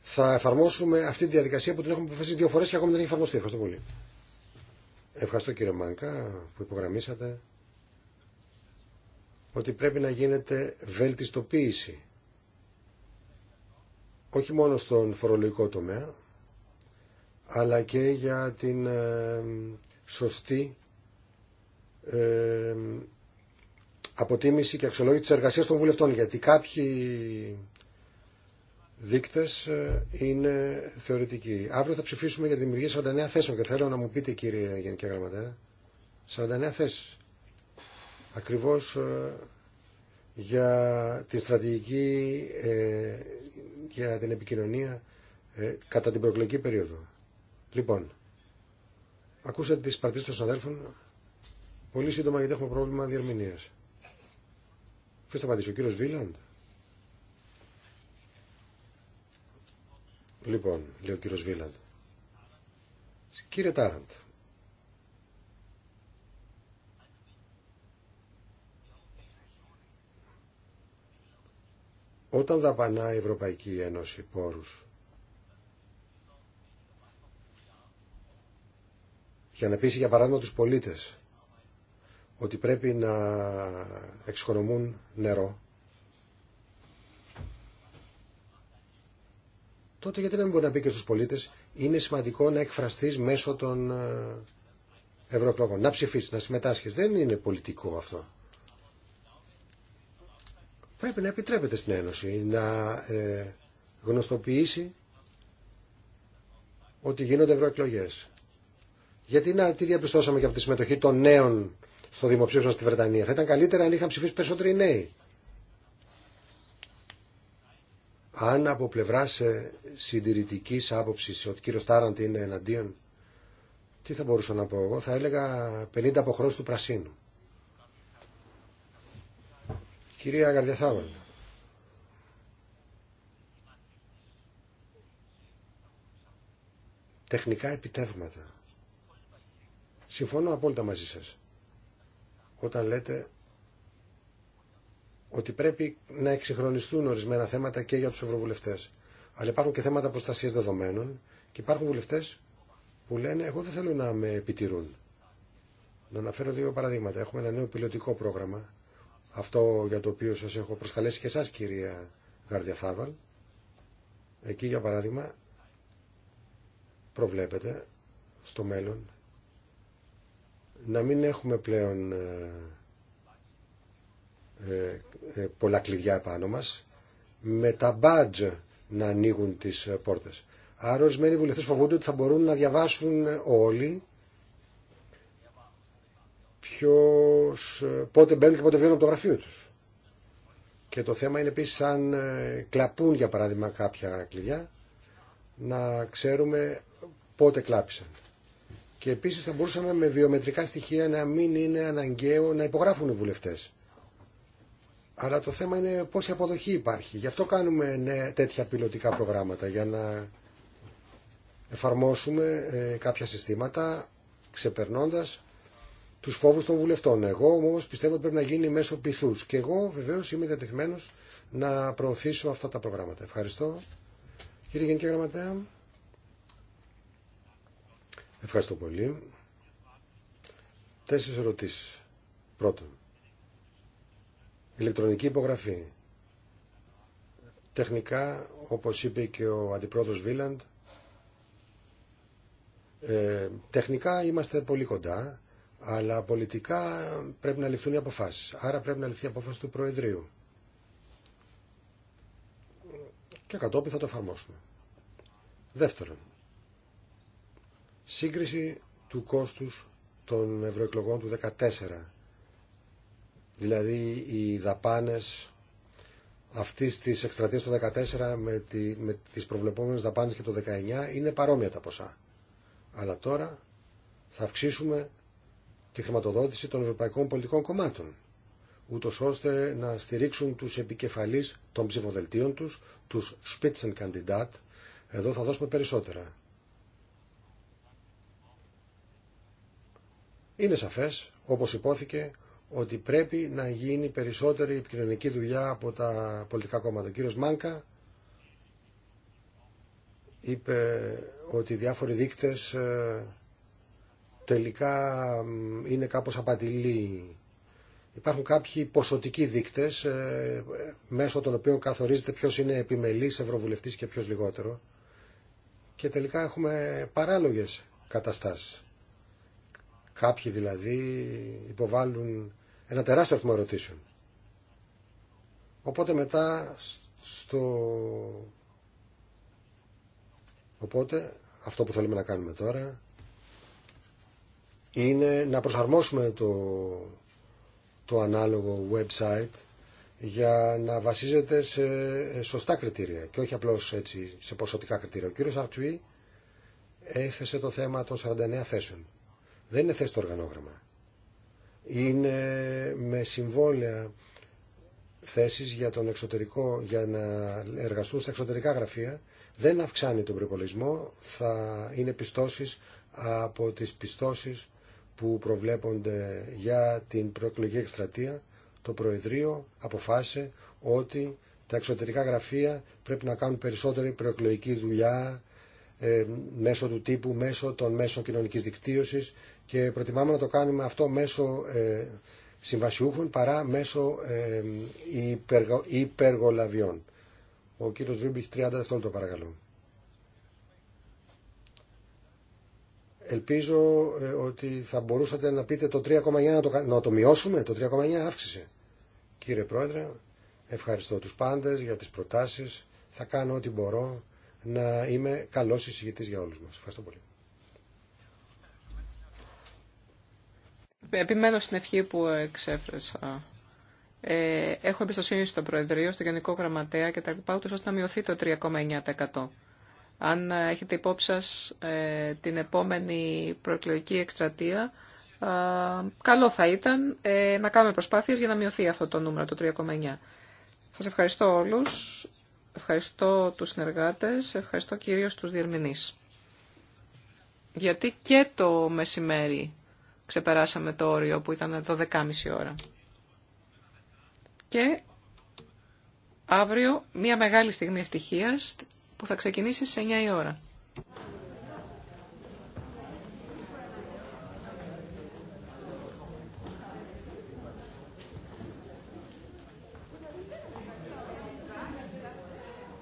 Speaker 1: θα εφαρμόσουμε αυτή τη διαδικασία που την έχουμε αποφασίσει δύο φορές και ακόμα δεν έχει εφαρμοστεί. Ευχαριστώ πολύ. Ευχαριστώ κύριε Μάνκα που υπογραμμίσατε ότι πρέπει να γίνεται βελτιστοποίηση όχι μόνο στον φορολογικό τομέα αλλά και για την ε, σωστή ε, αποτίμηση και αξιολόγηση της εργασίας των βουλευτών, γιατί κάποιοι δείκτες ε, είναι θεωρητικοί. Αύριο θα ψηφίσουμε για τη δημιουργία 49 θέσεων και θέλω να μου πείτε κύριε Γενική Γραμματέα, 49 θέσεις. Ακριβώς ε, για τη στρατηγική ε, για την επικοινωνία κατά την προεκλογική περίοδο. Λοιπόν, ακούσατε τις παρτίσεις των συναδέλφων πολύ σύντομα γιατί έχουμε πρόβλημα διερμηνίας. Ποιο θα απαντήσει, ο κύριο Βίλαντ. Λοιπόν, λέει ο κύριο Βίλαντ. Κύριε Τάραντ. Όταν δαπανά η Ευρωπαϊκή Ένωση πόρους για να πείσει για παράδειγμα τους πολίτες ότι πρέπει να εξοικονομούν νερό, τότε γιατί να μην μπορεί να πει και στους πολίτες είναι σημαντικό να εκφραστείς μέσω των ε, ευρωεκλογών, να ψηφίσεις, να συμμετάσχεις. Δεν είναι πολιτικό αυτό. Πρέπει να επιτρέπεται στην Ένωση να ε, γνωστοποιήσει ότι γίνονται ευρωεκλογέ. Γιατί να τι διαπιστώσαμε και από τη συμμετοχή των νέων στο δημοψήφισμα στη Βρετανία. Θα ήταν καλύτερα αν είχαν ψηφίσει περισσότεροι νέοι. Αν από πλευρά ε, συντηρητική άποψη ότι ο κύριο Τάραντ είναι εναντίον, τι θα μπορούσα να πω εγώ, θα έλεγα 50 αποχρώσει του πρασίνου. Κυρία Γαρδιαθάβαλ. Τεχνικά επιτεύγματα. Συμφωνώ απόλυτα μαζί σας όταν λέτε ότι πρέπει να εξυγχρονιστούν ορισμένα θέματα και για τους ευρωβουλευτές. Αλλά υπάρχουν και θέματα προστασίας δεδομένων και υπάρχουν βουλευτές που λένε εγώ δεν θέλω να με επιτηρούν. Να αναφέρω δύο παραδείγματα. Έχουμε ένα νέο πιλωτικό πρόγραμμα, αυτό για το οποίο σας έχω προσκαλέσει και εσάς κυρία Γαρδιαθάβαλ. Εκεί για παράδειγμα προβλέπετε στο μέλλον να μην έχουμε πλέον ε, ε, ε πολλά κλειδιά επάνω μας, με τα μπάτζ να ανοίγουν τις ε, πόρτες. Άρα ορισμένοι βουλευτές φοβούνται ότι θα μπορούν να διαβάσουν ε, όλοι ποιος, πότε μπαίνουν και πότε βγαίνουν από το γραφείο τους. Και το θέμα είναι επίσης αν κλαπούν για παράδειγμα κάποια κλειδιά, να ξέρουμε πότε κλάπησαν. Και επίσης θα μπορούσαμε με βιομετρικά στοιχεία να μην είναι αναγκαίο να υπογράφουν οι βουλευτές. Αλλά το θέμα είναι πόση αποδοχή υπάρχει. Γι' αυτό κάνουμε ναι, τέτοια πιλωτικά προγράμματα, για να εφαρμόσουμε ε, κάποια συστήματα ξεπερνώντας τους φόβους των βουλευτών. Εγώ όμως πιστεύω ότι πρέπει να γίνει μέσω πειθού. Και εγώ βεβαίω είμαι διατεθειμένο να προωθήσω αυτά τα προγράμματα. Ευχαριστώ. Κύριε Γενική Γραμματέα. Ευχαριστώ πολύ. Τέσσερις ερωτήσεις. Πρώτον, ηλεκτρονική υπογραφή. Τεχνικά, όπως είπε και ο αντιπρόεδρος Βίλαντ, ε, τεχνικά είμαστε πολύ κοντά, αλλά πολιτικά πρέπει να ληφθούν οι αποφάσεις. Άρα πρέπει να ληφθεί η απόφαση του Προεδρείου. Και κατόπιν θα το εφαρμόσουμε. Δεύτερον, Σύγκριση του κόστους των ευρωεκλογών του 2014. Δηλαδή οι δαπάνες αυτής της εκστρατεία του 2014 με, τη, με τις προβλεπόμενες δαπάνες και το 2019 είναι παρόμοια τα ποσά. Αλλά τώρα θα αυξήσουμε τη χρηματοδότηση των ευρωπαϊκών πολιτικών κομμάτων ούτω ώστε να στηρίξουν τους επικεφαλείς των ψηφοδελτίων τους, τους Spitzenkandidat. Εδώ θα δώσουμε περισσότερα. Είναι σαφές, όπως υπόθηκε, ότι πρέπει να γίνει περισσότερη επικοινωνική δουλειά από τα πολιτικά κόμματα. Ο κύριος Μάνκα είπε ότι διάφοροι δείκτες ε, τελικά είναι κάπως απατηλοί. Υπάρχουν κάποιοι ποσοτικοί δείκτες ε, μέσω των οποίων καθορίζεται ποιος είναι επιμελής ευρωβουλευτής και ποιος λιγότερο και τελικά έχουμε παράλογες καταστάσεις. Κάποιοι δηλαδή υποβάλλουν ένα τεράστιο αριθμό ερωτήσεων. Οπότε μετά στο... Οπότε αυτό που θέλουμε να κάνουμε τώρα είναι να προσαρμόσουμε το, το ανάλογο website για να βασίζεται σε σωστά κριτήρια και όχι απλώς έτσι σε ποσοτικά κριτήρια. Ο κύριος Αρτσουή έθεσε το θέμα των 49 θέσεων. Δεν είναι θέση το οργανόγραμμα. Είναι με συμβόλαια θέσεις για, τον εξωτερικό, για να εργαστούν στα εξωτερικά γραφεία. Δεν αυξάνει τον προπολογισμό, θα είναι πιστώσεις από τις πιστώσεις που προβλέπονται για την προεκλογική εκστρατεία. Το Προεδρείο αποφάσισε ότι τα εξωτερικά γραφεία πρέπει να κάνουν περισσότερη προεκλογική δουλειά ε, μέσω του τύπου, μέσω των μέσων κοινωνικής δικτύωσης και προτιμάμε να το κάνουμε αυτό μέσω ε, συμβασιούχων παρά μέσω ε, υπεργολαβιών. Ο κύριος Βίμπιχ, 30 δευτερόλεπτα παρακαλώ. Ελπίζω ε, ότι θα μπορούσατε να πείτε το 3,9 να το, να το μειώσουμε, το 3,9 αύξησε. Κύριε Πρόεδρε, ευχαριστώ τους πάντες για τις προτάσεις. Θα κάνω ό,τι μπορώ να είμαι καλός εισηγητής για όλους μας. Ευχαριστώ πολύ.
Speaker 3: επιμένω στην ευχή που εξέφρασα. Ε, έχω εμπιστοσύνη στο Προεδρείο, στο Γενικό Γραμματέα και τα λοιπά, ούτως ώστε να μειωθεί το 3,9%. Αν ε, έχετε υπόψη σας ε, την επόμενη προεκλογική εκστρατεία, ε, καλό θα ήταν να κάνουμε προσπάθειες για να μειωθεί αυτό το νούμερο, το 3,9%. Σας ευχαριστώ όλους, ευχαριστώ τους συνεργάτες, ευχαριστώ κυρίως τους διερμηνείς. Γιατί και το μεσημέρι ξεπεράσαμε το όριο που ήταν 12.30 ώρα. Και αύριο μια μεγάλη στιγμή ευτυχίας που θα ξεκινήσει σε 9 η ώρα.